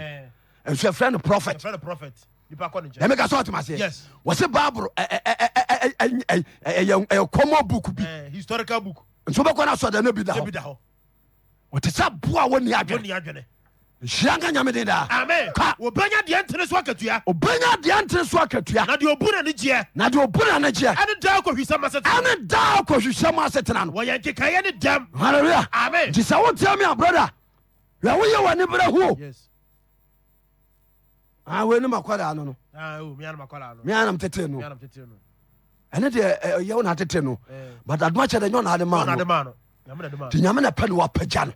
nso yɛfrɛ no prophet ɛfrɛ no prophet nipa kɔ ne nkyɛn ɛmi ka sɛ ɔtɛm aseɛ yes wɔsi bible ɛyɛ kɔmɔ book bi historical book nso bɛkɔ na sɔdɛ ne bi da hɔ wɔte sɛ boa wɔ ni adwene nhyira nka nyame den amen ka obɛnya deɛ ntene so akatua obɛnya deɛ ntene so akatua na deɛ obu na ne gyeɛ na deɛ obu na ne gyeɛ ɛne daa kɔhwisɛm ase tena ɛne daa kɔhwisɛm ase tena no wɔyɛ nkekaeɛ ne dɛm halleluya amen nti sɛ wotia me a brɔda hwɛ woyɛ w'ani berɛ huo ah, wei ne no ah, oh, no meanam tetee no ɛne deɛ ɛyɛ wo na tetee no eh. but adoma kyɛ dɛ nyɛ ɔnaade ma no nti nyame na pɛ ne wapagya no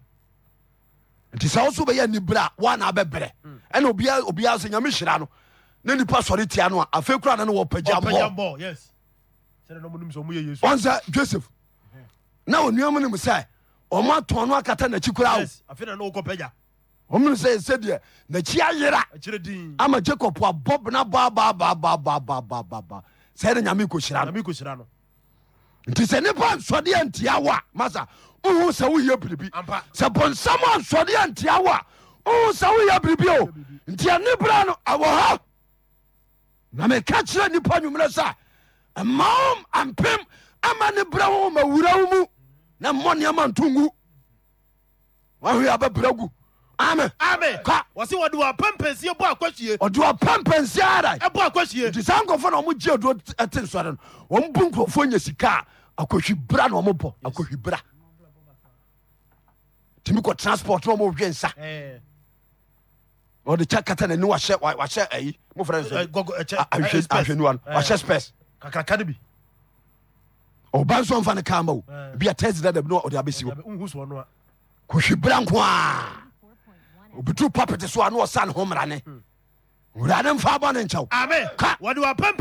nti sɛ wo so wobɛyɛ niberɛ a woana bɛbrɛ ɛna obiaa sɛ nyame hyira no na nipa sɔre tia no a afei kora na ne wɔpagya mbɔ ɔnsɛ joseph na onuamu no mu sɛ ɔmo atɔn no akata n'akyi koraa o ɔmene sɛ sɛdeɛ n'akyi ayera ama jacob ba ba ba sɛ ɛne nyame kɔhyira no nti sɛ nipa nsɔdeɛ ntia wo a masa ssne ano ameka kyerɛ nipa uso ma pe mane braaramunaoaɛso tumi kɔ transport eh. na ɔmo hwɛ nsa ɔde kya kata n'ani wahyɛ wahyɛ ayi eh, mo fɛrɛ nsɛ ahwɛ ahwɛniwa no wahyɛ spɛs kakraka de bi ɔba nso nfa ne kan o eh. bi a tɛnsi dada bi na ɔde abɛsi hɔ kò hwi bira nko aa obi tu papiti so a na ɔsa ne ho mmerane wurade mfa bɔ ne nkyɛw ɔde ɔpɛ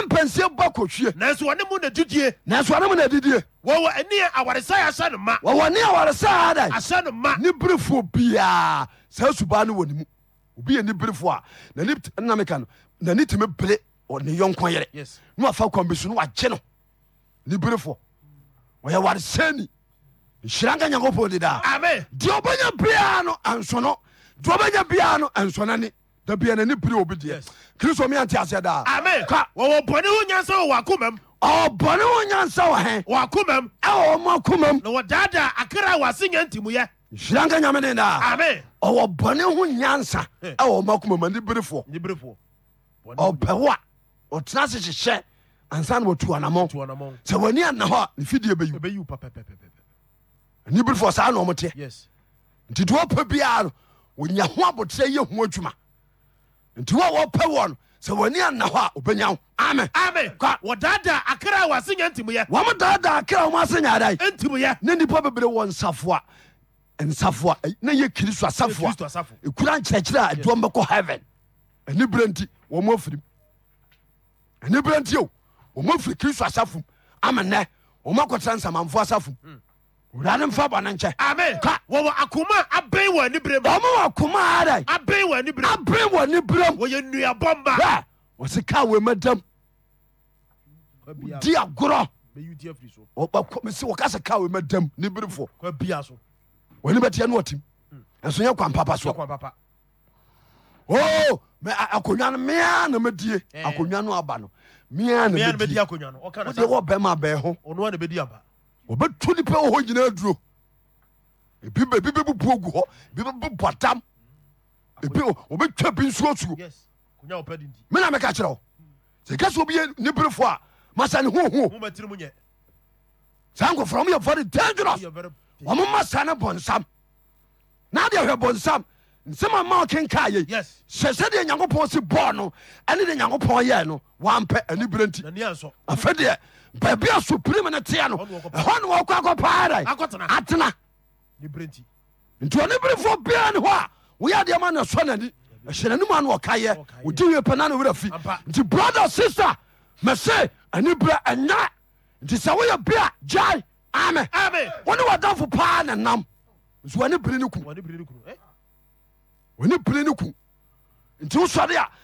mpɛnsie bɔ kɔhwie nanso nanso wɔne mu na didie wɔwɔ ɛne awaresɛe ahyɛ no ma wɔwɔ ne awaresɛe ada ahyɛ no ma ne berefoɔ biaa saa subaa no wɔ ne mu obi yɛ ne berefoɔ a nani no nani tumi bere ne yɔnko yere ne wafa kwan so ne wagye no ne berefoɔ ɔyɛ waresɛni nhyira nka nyankopɔn dedaa deɛ ɔbɛnya biaa no ansono deɛ ɔbɛnya biaa no ansonane dabia nani piri obi deɛ kristo mi ante aseɛ daa. ami ka wɔwɔ bɔnni wo nyansa wɔ wakoma mu. ɔbɔnni wo nyansa wɔ hɛn. wakoma mu. ɛwɔ ɔmo akoma mu. na wɔdaadaa akara wɔ ase nya ntimuyɛ. nhyira nka nyame ne daa. ami. ɔwɔ bɔnni ho nyansa ɛwɔ ɔmo akoma mu ani birifoɔ. ani birifoɔ. ɔbɛwa ɔtena se hyehyɛ ansa na wɔtu anamɔ. tu anamɔ. sɛ wɔn ni ana hɔ a nfidie bɛ yiw. bɛ yiw papɛpɛpɛpɛ. ani birifoɔ saa na wɔn teɛ. yes. ntutu nti wɔ wɔpɛ wɔ no sɛ wɔni anna hɔ a obɛnya wo amen amen kwa wɔdaadaa akra a wɔasenya ntimyɛ wɔm daadaa akra wɔm ase nyaadae ntimyɛ ne nnipa bebree wɔ nsafoa nsafoa na yɛ kristo asafoa ɛkura nkyerɛkyerɛ a aduɔm bɛkɔ heaven ɛne berɛ nti wɔm afirim ɛne berɛ nti o wɔm afiri kristo asafom amen nɛ wɔm akɔtera nsamanfoɔ asafom wurade mfa bɔne nkyɛ amen ka wɔwɔ akoma abɛn wɔ ani berem ɔmo wɔ akoma ada abɛn wɔ ani berem abɛn wɔ ani berem wɔyɛ nnuabɔ mba bɛɛ wɔsi kaa wɔ mɛdam di agorɔ mesi wɔka sɛ kaa wɔ mɛdam ne biri fo wɔni bɛtiɛ ne wɔtim mm. ɛso yɛ kwan papa soɔ oo mɛ akonnwa no mea na mɛdie eh. akonnwa no aba no mea na mɛdie wɔdeɛ wɔ bɛma abɛɛ ho obɛto nipa ho yina dro bi bebhaa bisuosuomenkakrɛasoiy nberfo asan sakofrme angerosmmasane bonsam adeh bosa smakenkaeɛd nyankopɔn se bn nyankopnypnn baabi a supreme no teɛ no ɛhɔ ne wɔkɔ akɔ paa da atena nti ɔne berefoɔ biaa ne hɔ a woyɛ deɛ ma na sɔ n'ani ɛhyɛ n'anim a na ɔkayɛ ɔdi wie pɛ na ne werɛ fi nti brother sister mɛse ani berɛ ɛnyɛ nti sɛ woyɛ Bia a gyae ame wone wɔdamfo paa ne nam nso wɔne bere no ku eh? wɔne bere no ku nti wosɔre a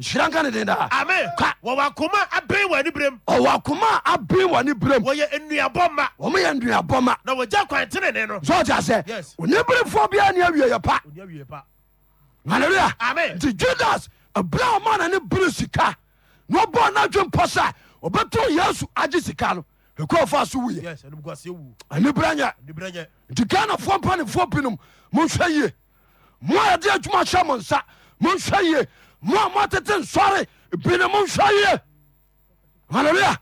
nhyira nka ne den daa ame ka wɔwɔ akoma abɛn wɔ ani berem ɔwɔ akoma abɛn wɔ ani berem wɔyɛ nnuabɔ ma wɔn yɛ nnuabɔ ma na wɔgya kwan tenene no so ɔte asɛ oniberefoɔ biara ni awie yɛ pa hallelujah amen nti judas abira ɔma na ne bere sika na ɔbɔ n'adwe mpɔ sa ɔbɛtɔ yesu agye sika no ekɔfa so wuyɛ anibra nyɛ nti ghanafoɔ mpanifoɔ binom monhwɛ yie mo a yɛde adwuma hyɛ mo nsa monhwɛ yie muama tete n sare bine mo nsa yye wanebiyaa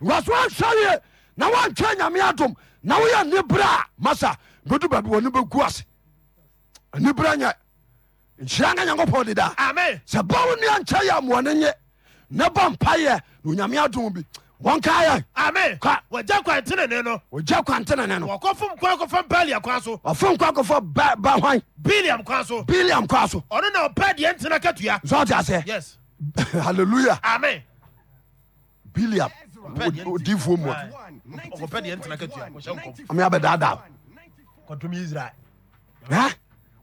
wa se wa sa yye na wa nke yameya dom na weya ane braa masa bodu ba bi wane bo guwase ane bra nye nsira anga yako po dedaa a se boro nea nce ya muwane nye ne bo mpa ye noyameya dom bi wɔnkayɛ ame wɔgya kwantenene no wɔgya kwantenene no wɔkɔfom kwan kɔfa baliam kwan so ɔfom kwan kɔfa ba hwan biliam kwan so biliam kwan so ɔno na ɔpɛ deɛ ntena katua sɛ ɔte aseɛ halleluya ame biliam odifoɔ mu ame abɛdaadaa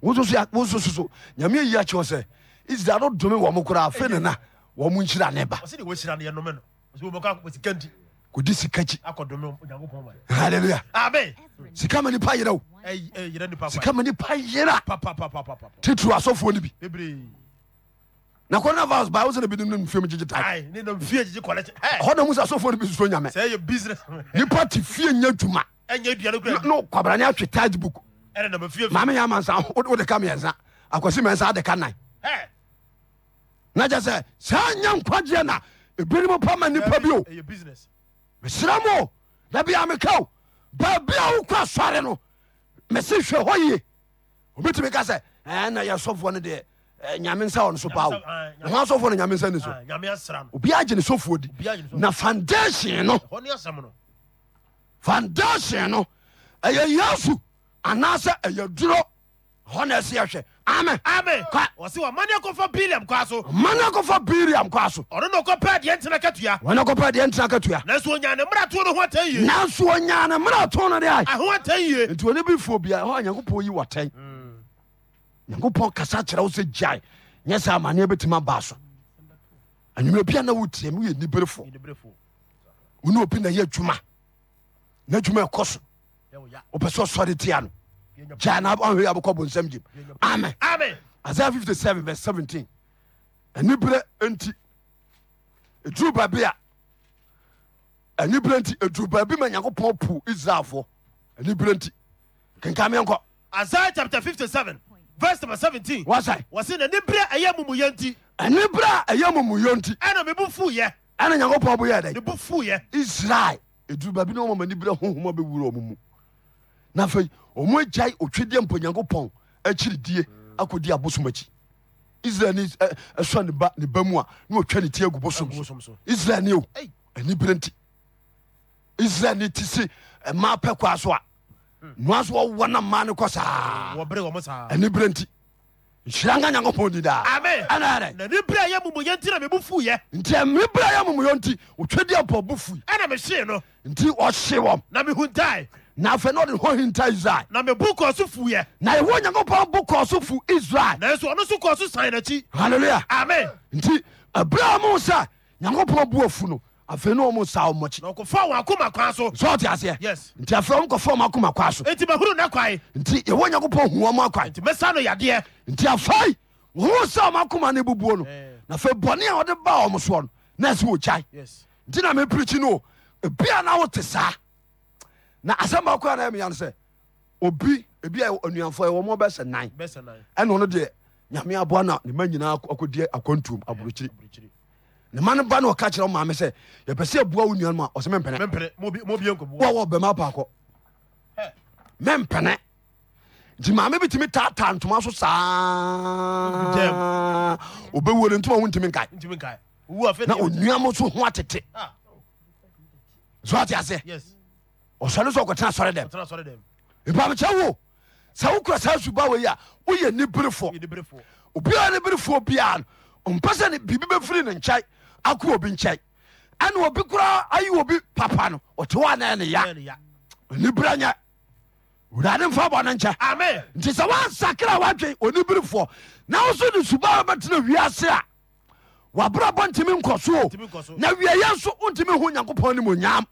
wosososo nyame ayi akyeɛ sɛ israel no dome wɔ mo koraa afei ne na wɔ mo nhyira ne ba kòdi sika kyi hallelujah amen sika ma nipa yera o eh, eh, sika ma nipa yera titiri asɔfoɔ ni bi na coronavirus ba awo sɛ eh. na bi nimu fie mu gyegye taa hɔ na mu sɛ asɔfoɔ ni bi soso nyame nipa ti fie nya dwuma no kwabrani atwi tithe book maame yɛ ama nsa o de ka mmiɛnsa akwasi mmiɛnsa de ka nan na kyɛ sɛ saa nya nkwagyeɛ na ebinom pa ma nnipa bio eh, mesera mo da bia mekao baabia wo kɔ asɔre no mese hwɛ hɔ yie obɛtumi ka sɛ ɛna eh, yɛsɔfoɔ no deɛ eh, nyame nsa wɔn so paa o ɛho asɔfoɔ no nyame nsa ni so ah, obiara gye ne sɔfoɔ di na foundation no foundation no ɛyɛ yasu anaasɛ ɛyɛ duro hɔ na ɛsi ɛhwɛ amen. amen kɔ. ɔsi wa mani akɔfɔ biliam kɔ aso. mani akɔfɔ biliam kɔ aso. ɔno na ɔkɔ pɛɛ deɛ ntina kɛtuya. ɔno na ɔkɔ pɛɛ deɛ ntina kɛtuya. nanso ɔnyaani mura tó ne ho atɛn yie. nanso ɔnyaani mura tó ne de ayi. aho atɛn yie. nti wɔn bi fo bia hɔ nyankopɔn yi wɔ tɛn. nyankopɔn kasa kyerɛw sɛ gyae nyɛ sɛ amanneɛ bɛtumi aba so anwummerɛ bia na wotiam woyɛ niberefo wo ne obi na yɛ adwuma na adwuma ɛkɔ gyana ɔhwɛ abokɔ bonsam gyim amen isaia 57 vs 17 aniberɛ nti ɛduru baabi a aniberɛ nti ɛduru baabi ma nyankopɔn pu israelfoɔ aniberɛ nti kenkameɛ nkɔ isaia chapter 57 verse number 17 wasae wɔse na niberɛ ɛyɛ mumuyɛ nti aniberɛ a ɛyɛ mumuyɛ nti ɛna mebo fuyɛ ɛna nyankopɔn boyɛ dɛ mebo fuyɛ israel ɛduru baabi na ɔmama niberɛ honhoma bɛwura ɔmo mu na afei ɔmo agyae otwedeɛ mpo nyankopɔn akyiri die akɔdi abosom akyi israel ne ɛsɔ ne ba ne ba mu a na ɔtwa ne ti agu bosom so israel ne o ani bere nti israel ne ti se ɛmaa pɛ kɔa so a noa hmm. so wɔwɔ na mmaa ne kɔ saa ani bere nti nhyira nka nyankopɔn di daa ɛnɛdɛ nti mmerɛ yɛ mumuyɔ nti ɔtwadeɛ pɔ bo fui nti ɔhye wɔm na mehuntae na afei na ɔde hɔ hinta israel na mebo kɔɔ so fuiɛ na ɛhɔ onyankopɔn bo kɔɔ so fu israel nanso ɔno so kɔɔ so san n'akyi Hallelujah. amen nti ɛberɛ mo sɛ nyankopɔn bu afu no afei ne ɔmo sa ɔmɔkyi na ɔkɔfa wɔn akoma kwan so sɛ ɔte aseɛ yes nti afei ɔmo kɔfa wɔn akoma kwan so enti mahuru ne kwae nti ɛhɔ onyankopɔn hu ɔmo akwan nti mɛsa no yadeɛ nti afei wɔn sa ɔmo akoma ne bubuo no na afei bɔne a ɔde ba ɔmo soɔ no na ɛsɛ wɔ kyae nti na mepirikyi no o ebia na wote saa na asɛm baako a na ɛmenya no sɛ obi ebi a anuamfoɔ yɛ wɔn bɛsɛ nan ɛna ɔno deɛ nyame aboa na ne ma nyinaa akɔdi akɔntuom aburukyiri ne ma no ba na ɔka kyerɛ wo maame sɛ yɛpɛ sɛ abua wo nuanom a ɔsɛ mempene wowɔ bɛma apaakɔ mempene nti maame bi tumi taataa ntoma so saa obɛwuo no ntoma wo ntimi nkae na onua mo so ho atete ah. so ate aseɛ soreso a tera sre d bakao n rb n k k n ra tmko yakopa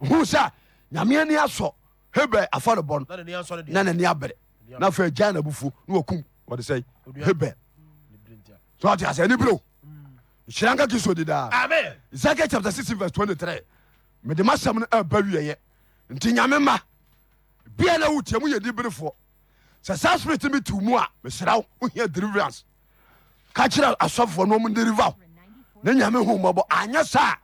hu sɛ nyameɛ ni asɔ hebel afɔrebɔ no na nani abere na afei gya na abufuo na wakum wɔde sɛ hebel so ɔte asɛ ani berɛo mm. nhyira nka kristo di daa Isaiah chapter 16 verse 23 mede masɛm no aba wieɛ nti nyame ma bia na wotia mu yɛ diberefoɔ sɛ saa spirit no bi tiw mu a mesra wo wohia deliverance ka kyerɛ asɔfoɔ no ɔmo deriva wo na nyame hu mmɔbɔ anyɛ saa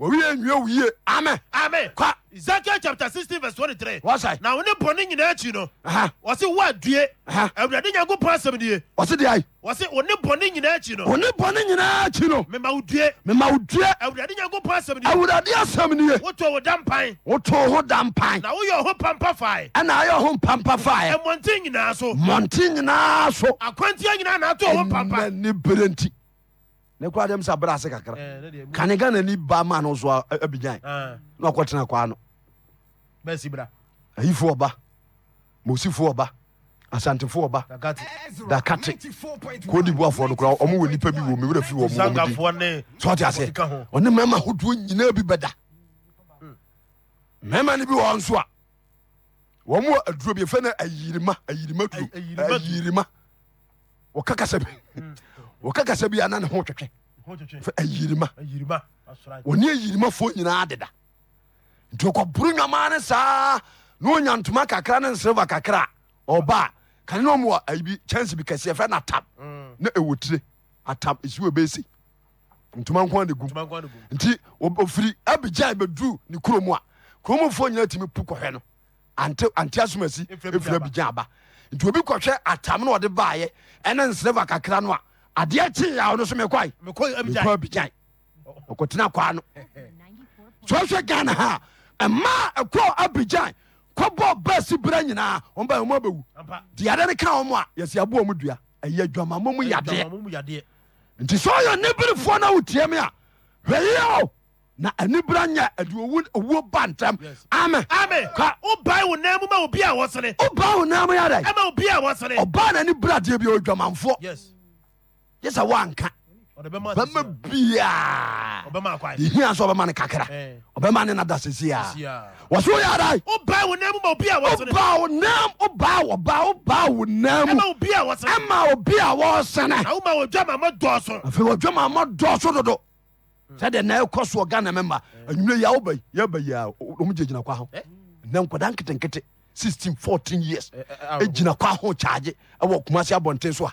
owiye nwie owiye amen. amen kwa. ezekiel chapter sixteen verse twenty three. wɔsɛ. na wɔn ne bɔnne nyinaa akyi no. wɔsi wo adue. awurade nyanko pɔn asɛm die. wɔsi di ayi. wɔsi wɔn ne bɔnne nyinaa akyi no. wɔn ne bɔnne nyinaa akyi no. mɛma wo due. mɛma wo due. awurade nyanko pɔn asɛm die. awurade asɛm nie. wotu wo dampan. wotu wo dampan. na woyɛ ɔho pampa fae. ɛna ayɛ ɔho pampa fae. ɛmɔnten nyinaa so. mɔnten nyinaa so. akwantia nyinaa na ato ɔho pampa. ɛnna ni bere nti ne kora dɛm sɛ brɛ ase kakra eh, kane ghanani ba ma no so abigyan eh, eh, ah. na ɔkɔtena kwaa no ayifoɔ ba mosifoɔ ba asantefoɔ ba dakate kodiboafoɔ no kora ɔmo wɔ nipa bi wɔ mewerɛ fi wɔ sɛ ɔte aseɛ ɔne mɛma hodoɔ nyinaa bi beda, mema hmm. ni bi wɔ nso a wɔn wɔ aduro bi fɛ no ayirima ayirima duro ayirima wɔkakasa bi hmm wɔka kasa bi ana ne ho twetwe fɛ ayirima wɔne ayirima fo nyinaa deda nti ɔkɔboro nwamaa ne saa na ɔnya ntoma kakra ne nsereva kakra ɔba kane na ɔmuwa ayibi kyɛnse bi kɛseɛ fɛ na atam mm. na ɛwɔ tire atam ɛsi wɔ bɛsi ntoma nko ne gum nti ɔfiri abigya bɛduru ne kuro mu a kuromufoɔ nyina tumi pu kɔhwɛ no ante asomasi ɛfiri abigya aba nti obi kɔhwɛ atam na ɔde baayɛ ɛne nsereva kakra no a adeɛ kyee a ɔno so mekɔe mekɔ abigyae ɔkɔtena kwaa no so ɔhwɛ ghana ha ɛma ɛkɔ abigyae kɔbɔ baasi bera nyinaa ɔmba ɔmo abɛwu deade no ka ɔmo a yɛsi aboɔ mu dua ɛyɛ adwamammɔ mu yadeɛ nti sɛ ɔyɛ niberefoɔ no wotie me a hwɛyɛ o na anibra nya aduowu owó ba ntɛm amen. amen ka o ba wo nan mu ma obi a wɔsere. o ba wo nan mu yada obi a wɔsere. ɔba na ni bra deɛ bi o jɔmanfoɔ. yes yɛ sɛ woanka bɛma biaɛhia sɛ ɔbɛma no kakra ɔbɛma eh. ne nada sesia wɔ so woyɛ dawoba wo nam ɛma obi a wɔsene afei wɔdwama mɔdɔɔ so dodo sɛdeɛ na ɛkɔ soɔ ghana mɛma anwumere yia woba Ya yia ɔmogye gyina kwa ho nɛ nkɔda nketenkete Sixteen fourteen years ɛgyina kwa ho kyaagye ɛwɔ kumase abɔnten so a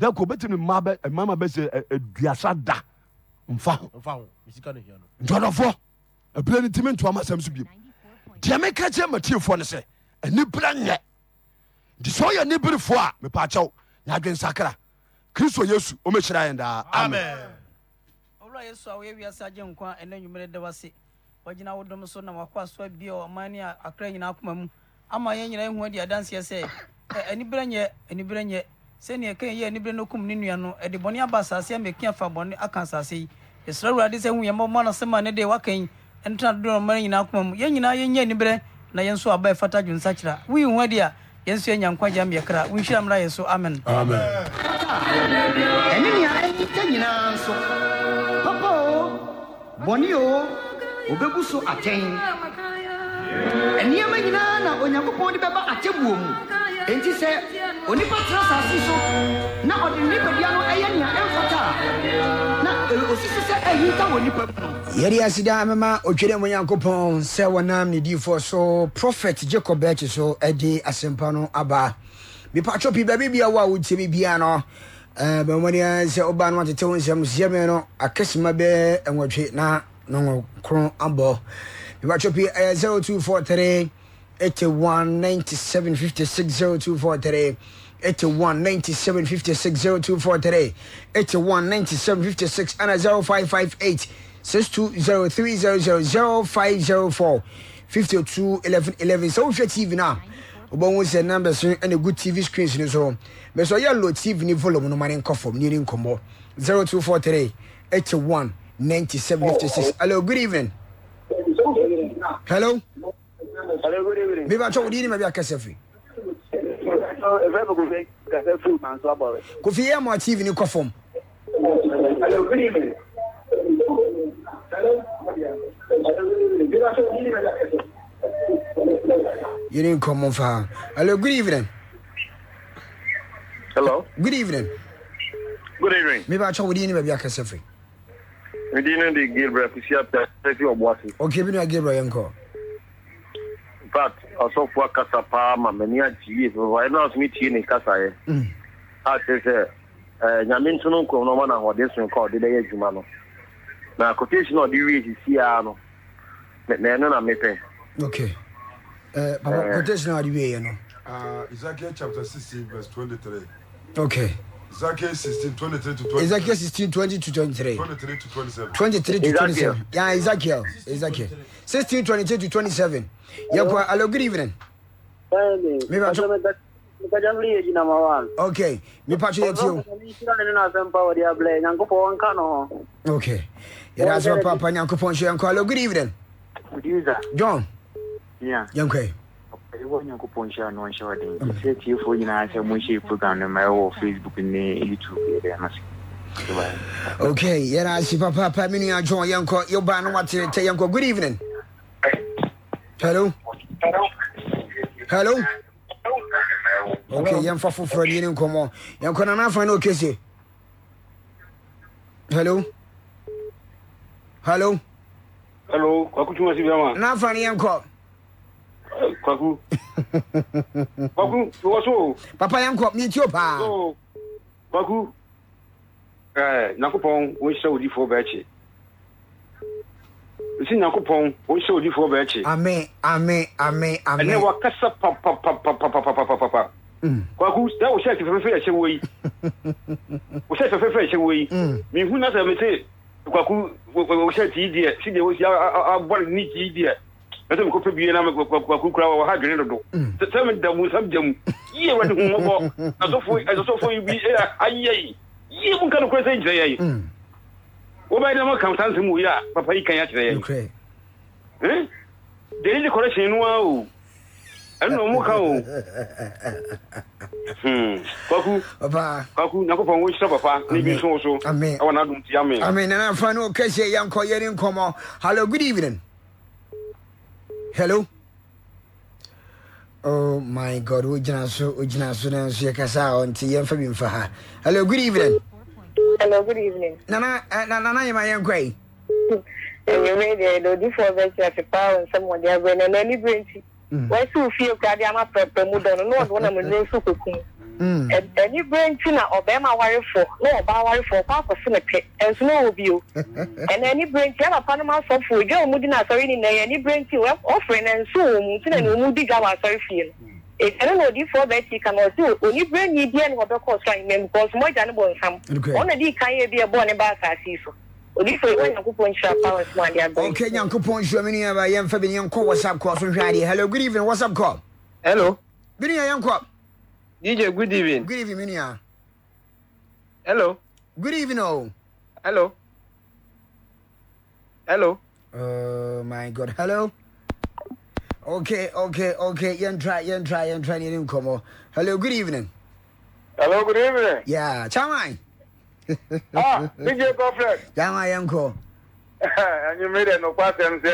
dako obetumi mma bɛ mmarima bɛ sɛ aduasa da nfa ho ntɔdɔfoɔ ebile ni timi ntoma asɛm so bi deɛ mi ka kyerɛ matiefoɔ no sɛ anibere nyɛ nti sɛ ɔyɛ aniberefoɔ a mepaakyɛw nyadwe nsakra kristo yesu ɔmɛhyira yɛn daa amen owura yesu a woyɛ wiase agye nkwa ɛnɛ nwumere da wase wagyina wodom so na wakɔ aso abia ɔman ne akra nyinaa koma mu ama yɛn nyinaa ɛhu adi adanseɛ sɛ anibere nyɛ anibere nyɛ sɛnea kan yɛ anibere no kum ne nua no ɛde bɔne aba asase amɛki afa bɔne aka asase yi ɛsrɛ awurade sɛ hu yɛmmɔmmɔ anasɛm a ne de waka yi ɛntena dodo no nyinaa koma mu yɛn nyinaa yɛnyɛ aniberɛ na yɛn nso aba ɛfata e dwensakyera woyi ho adi a yɛn nso yɛnya nkwagya mmiɛkra wonhyira mmra yɛ so amen ɛne nea ɛnyɛ nyinaa nso papa o bɔne o obɛgu so atɛn ɛnneɛma nyinaa na onyankopɔn de bɛba atɛbuo mu enti sɛ onipa tena asase so na ɔde nipadua no ɛyɛ nea ɛmfata na osisi sɛ ɛhinta wɔ nipa mu yɛde asida mɛma otwere mu nyankopɔn sɛ wɔnam ne diifoɔ so prophet jacob bɛkye so ɛde asɛmpa no aba mepatwɔ pii baabi bia wo a wotie me biaa no eh, bɛmmɔdea sɛ woba no atete wo nsɛm siɛ me no akɛsema bɛɛ ɛwɔtwe na nɔnkoro abɔ mepatwɔ pii ɛyɛ 0243 81 97 56 0243 81 97 56 0243 81 97 56 and 0558 6203 0504 52 11 11 so wohwɛ tv no a wobɛhu sɛ numbers no good tv screens no so bɛ sɛ ɔyɛ low tv ne volume no ma ne nkɔ fam ne ne nkɔmmɔ 0243 81 97 56 hello good evening hello meba kyɛ wodin ne ma bi akɛsɛ fi kofi yɛ ma tv ne kɔ fam yɛne nkɔmmɔ faa allo good evening hello good evening good evening meba kyɛ wodin ne ma bi akɛsɛ fi medin no de gabriel kusiapɛ sɛ fi ɔboase okay bi ne a gabriel yɛnkɔ fact ɔsɔfoɔ kasa paa ma m'ani agye yie fɛfɛfa ɛno a so metie ne kasa yɛ mm. a ah, kyerɛ eh, ẹ nyame nto no nkɔm ọma na no ahoɔden so nka ɔde adwuma no na quotation a ɔde si ya no na na mepɛ okay eh, papa eh. quotation a ɔde wieɛ no chapter verse okay Ezekiel 16, 23 to 23. Ezekiel 16, 20 to 23. 23 to 27. 23 to 27. Yeah, Ezekiel. Ezekiel. 16, 23 to 27. Yankwa, hello, good evening. Okay. Me patcho yet you. Okay. Yeah, that's what Papa Nyankopon show. Hello, good evening. Producer. John. Yeah. Yankwa ɛyɛwɔ nyankopɔn hyɛ ano nhyɛ wɔden ɛsɛ atiefoɔ nyinaa sɛ monhyɛ program no ma ɛwɔ facebook ne youtube e yɛdɛ no se ok yɛna ase papaapa me nua john yɛnkɔ yɛba no watenetɛ yɛnkɔ good evening hello hello ok yɛmfa foforɔ deɛ ne nkɔmmɔ yɛnkɔ nana afa ne ɔkɛsie hello hello hello kwakotwuma sibiama na afa ne yɛnkɔ kwaku kwaku wɔ so papa yɛnkɔ meɛtio paa kwaku eh, nyankopɔn wɔnhyɛ odifoɔ bɛakye nsi nyankopɔn wɔnhyɛ odifoɔ bɛakye ame ame ame ame ɛnɛ wakasa papapapapapapapapa kwaku sɛ wohyɛ fɛfɛfɛ ɛhyɛ wɔ yi wohyɛ fɛfɛfɛ ɛhyɛ wɔ yi mehu na sɛ mete kwaku wohyɛ tii a a a abɔre ne tii deɛ ɛsɛ mekɔpɛ bie na makokura wɔ ha dwene dodo sɛ meda mu sɛ mgya mu yie wade hu mmɔbɔ yi bi eh, ayɛi yie mu nka no korɛ sɛ nkyerɛ yɛi mm. wobɛyɛ dɛ maka saa nsɛm wei a papa yi kan akyerɛ yɛi eh? dalili kɔrɛhyɛn no ara o ɛno na ɔmo ka o hmm. kwaku kwaku nyankopɔn wɔnhyira papa ne bi nso wo so ɛwɔ n'adom ti amen amen nanafa ne ɔkɛhyɛ yɛnkɔyɛ ne nkɔmmɔ hallo good evening hello oh my god wogyina so wogyina so no nso yɛkasa a ɔnte yɛmfa bi mfa ha hello good evening hello good evening nana eh, nana yɛma yɛnkɔ yi ɛnyɛmɛ eh, deɛ deɛ odifoɔ bɛkyerɛ ase paa wɔ nsɛm wɔde abrɛ na ɛnɛ ni bere nti wɔasi wo fie koraa de ama prɛprɛ mu dɔ no na ɔde wo nam nnuro so kɔkum ɛni bere nti na ɔbɛrima awarefo na ɔbaa awarefo ɔkɔ akɔsi ne pɛ ɛnso na ɔwɔ bio ɛna ɛni bere nti ɛna no ma sɔfo odwa wɔn mu di na asɔre ni na ɛni bere nti ɔfiri na nso wɔ mu nti na na di dwa wɔ asɔre fie no ɛno na odi fo ɔbɛn ka na ɔsi oni bere ni bia na ɔbɛkɔ ɔsoro anyi mɛmu kɔ ɔsomɔ gya ne bɔ nsam ɔna di kan yɛ bi ɛbɔ ne ba asaase so obi fo ewa nyankopɔn nhyira pa ɔsomɔ adi agbɛn. ok nyankopɔn nhyira mi ni yaba yɛn fɛ bi hello good evening whatsapp call. DJ, good evening. Good evening, Minia. Hello. Good evening, oh. Hello. Hello. Oh, my God. Hello. Okay, okay, okay. You try, you try, you try. You come on. Hello, good evening. Hello, good evening. Yeah, Chama. ah, DJ Godfrey. Chamai, Uncle. And you made no acquaintance.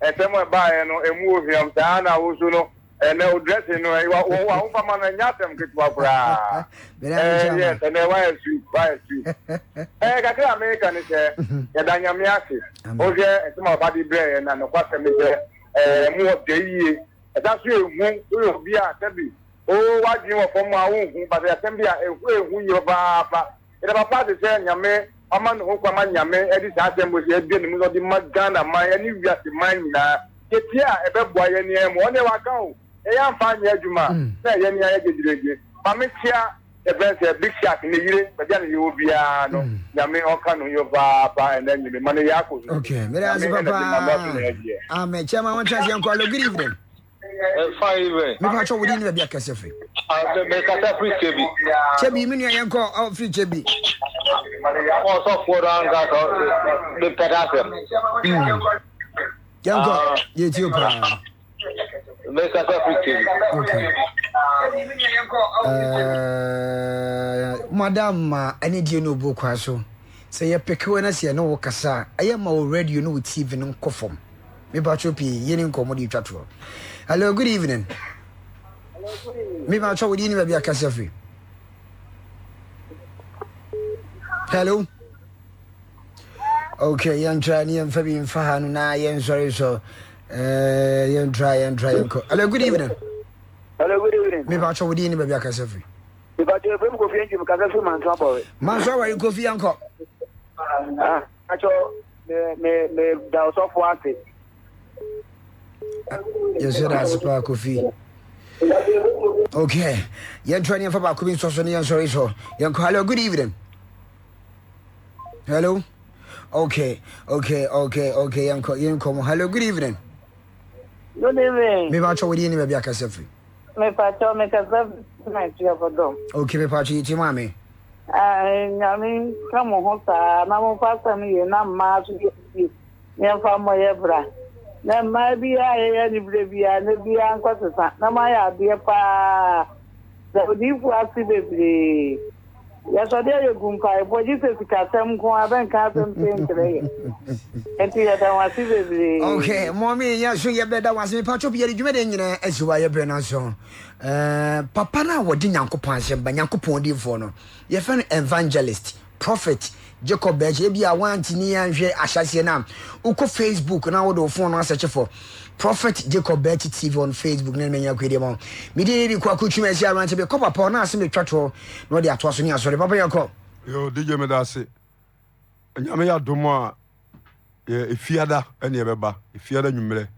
And someone buying, and move him. Sana, who's you know ɛnɛ e, e, e o dɛsɛ no ɛyɛ wɔn wɔn ahofa ma no ɛnyɛ asɛm ketewa koraa ɛɛ yɛs ɛnɛ wayɛ su wayɛ su ɛɛ kakra amerika ni sɛ yɛda nyame ase o hwɛ ɛsɛm a ɔba de yɛn na nɔkwa sɛm sɛ ɛɛ mu wɔ tɛ yie ɛda so o oyɛ obi a sɛbi oo wadwin wɔ fam a ohu pata yɛsɛm bi a ehu ehu yɛ paapa yɛdaba pa te sɛ nyame ɔma ne ho kɔ ama nyame ɛde saa asɛm bɔ sɛ ebien ne mu sɛ ɔde ma ghana man ɛne wiase man nyinaa yɛtie a ɛbɛboa yɛn nneɛma ɔne waka o ɛyɛ anfa nyɛ adwuma mm. na ɛyɛ ni ayɛ gyegyeregye maame tia ɛbɛn sɛ big shark ne yire bɛbi a ne yɛ wɔ biara no mm. nyame ɔka no yɛ paapaa ɛnɛ nyame ma ne yɛ akɔ so okay mɛrɛ ase papa amen chairman wɔn kyerɛ sɛ nkɔ alo good evening. fine evening. mepa kyɛ wodi ne baabi akɛsɛ firi. Ah, mɛkasa firi kyebi. kyebi mi nua yɛn kɔ ɔ firi kyebi. ɔsɔfoɔ do anka sɔ ne pɛtɛ asɛm. yɛn kɔ yɛ ah. ti o paa. Mr. African. Okay. Uh, madam, any so. no book, so say a peculiarness, you know, Cassa. I am already, you know, it's even on coffin. Me bacho pi yenin komodi chatro. Hello, good evening. Hello, good evening. Me bacho wodi ni baby akasa free. Hello. Okay, yan tra ni yan fabi mfa hanu na yan sorry so yɛntra yɛntra yɛnkɔ hello good evening hello good evening mepatwɛ wode ni baabi akasɛ firi mepatwɛ fam kofi antwim kasɛ firi mansoa bɔwe mansoa ware kofi yɛnkɔ akyɛ meda ɔsɔfoɔ ase yɛsɛ da ase paa kofi okay yɛntra ne yɛmfa baako bi nsɔ so ne yɛnsɔre yɛnkɔ hello good evening hello okay okay okay okay yɛnkɔ yɛnkɔ mu hello good evening good evening. mepatwɛ wode yɛni baabi Mepacho firi mepatwɛ mekasa natuabɔdɔm ok mepatwɛ yɛtie mu ame nyame ka mo ho saa na momfa asɛm yie na mmaa so yɛsie yɛmfa mmɔyɛ bra na mmaa biaa yɛyɛ ne berɛ biaa na biaa nkɔsesa na moayɛ adeɛ paa sɛ odiyifoɔ ase bebree yɛsɔdeɛ yɛ gu mpaebɔ gye sɛ sikasɛm nko a bɛnka asɛm sɛ nkyerɛ yɛ nti yɛda wase bebree ok mɔme yɛ so yɛbɛda wase mepa kyɛ biyɛre dwuma deɛ nyinaa asi e wa yɛbrɛ no so eh, papa no a wɔde nyankopɔn ahyɛ ba nyankopɔn difoɔ no yɛfrɛ no evangelist prophet jacob bɛkyɛ ebi a wantini anhwɛ ahyɛseɛ no a wokɔ facebook na wode wo fon no asɛkyefo prophet jacob bet tv on facebook na menya kwedi ma mede ne kɔ akɔtwuma asi arante bi kɔpa pɔ na ase metwa toɔ na ɔde atoa so ne asɔre papa yɛkɔ yo dj meda ase nyame yɛ adom a ɛfiada ɛne ɛbɛba ɛfiada nwummerɛ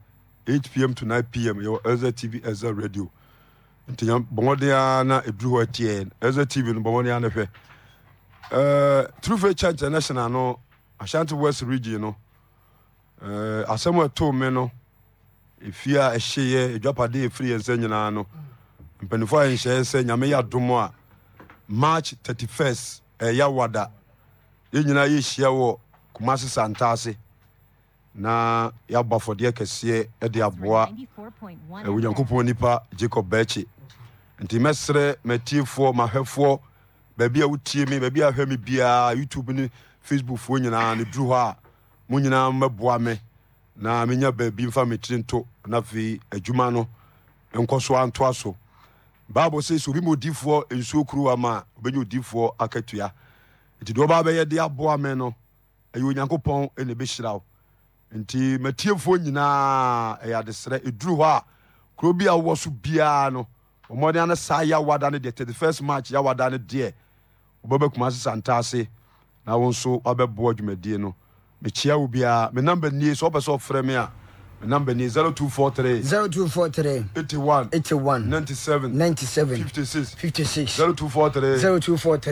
8pm to 9pm yɛwɔ ɛza tv ɛza radio nti bɔmmɔden a na ɛduru hɔ atiɛ ɛza tv no bɔmmɔden a ne hwɛ Uh, eh, true faith church international no ashanti west region no uh, eh, asɛm a ɛtoo me no ɛfie a ɛhyeeɛ adwapade ɛfiri yɛn sɛ nyinaa no mpanimfoɔ a ɛnhyɛɛ sɛ nyame yɛ adom a march 31st ɛyɛ wada yɛn nyinaa yɛhyia wɔ kumase santaase na yɛabɔ afɔdeɛ kɛseɛ de aboa onyankopɔn nipa jacob bɛkye nti mɛserɛ matiefoɔ mahwɛfoɔ baabi a wotie mi baabi a hwɛ mi biara youtube ne facebookfoɔ nyinaa ne duru hɔ a mo nyinaa mmɛboa me na menya baabi mfa metiri nto na afei adwuma no nkɔ so antoa so bible sɛ sɛ obi ma odifoɔ nsuo kuruwa ma a obɛnya odifoɔ akatua nti deɛ ɔbaa bɛyɛ de aboa me no ɛyɛ onyankopɔn ɛna ɛbɛhyira wo nti matiefoɔ nyinaa ɛyɛ adesrɛ ɛduru hɔ a kuro bi a wowɔ so biara no ɔmmɔden ano saa yɛ awada no deɛ 31 march yɛ awada no deɛ wobɛbɛkuma sesanta ase na wo nso wabɛboa dwumadie no mekyia wo biara me namba nie sɛ wopɛ sɛ ɔfrɛ me a 0244 number ni zero zero zero two two two four four four three three three eighty eighty one one ninety ninety seven seven fifty fifty six six zero two four three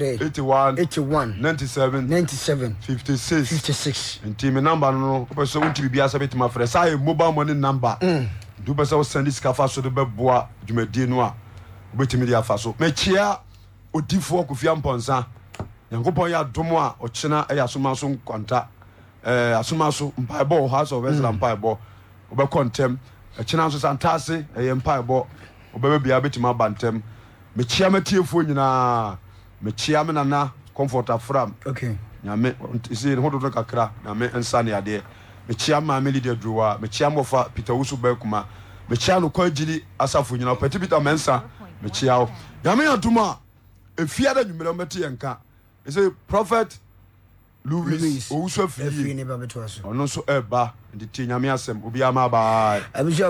eighty one eighty one ninety seven ninety seven fifty six fifty six nti me number no wopɛ sɛ wonti biribiaa sɛ bɛtumi afrɛ sa yɛ mobile money number nti wopɛ sɛ wosɛnde sika fa so de bɛboa dwumadie no a wobɛtumi de afa so mekyea odifoɔ kofia mpɔnsa ya yɛ adom a ɔkyena ɛyɛ e asoma so nkwanta eh, asoma so mpaebɔ wɔ hɔ asɛ ɔbɛsra mpaebɔ mm wobɛkɔ ntɛm ɛkyena nso santaase ɛyɛ mpaebɔ wobɛbɛ biaa bɛtumi aba ntɛm mekyea matiefoɔ nyinaa mekyea me nana comfort afram nyame kakra nyame nsa adeɛ mekyea maame lidia durowa mekyea mbɔfa peter wo so bɛ kuma mekyea nokɔ agyiri asafo nyina pɛte peter mansa mekyea wo nyame yɛ tom a ɛfiada nwummerɛ mɛte yɛ nka ɛsɛ prophet louis owusu afiri ɔno nso ɛba nti tie nyame asɛm obiama bae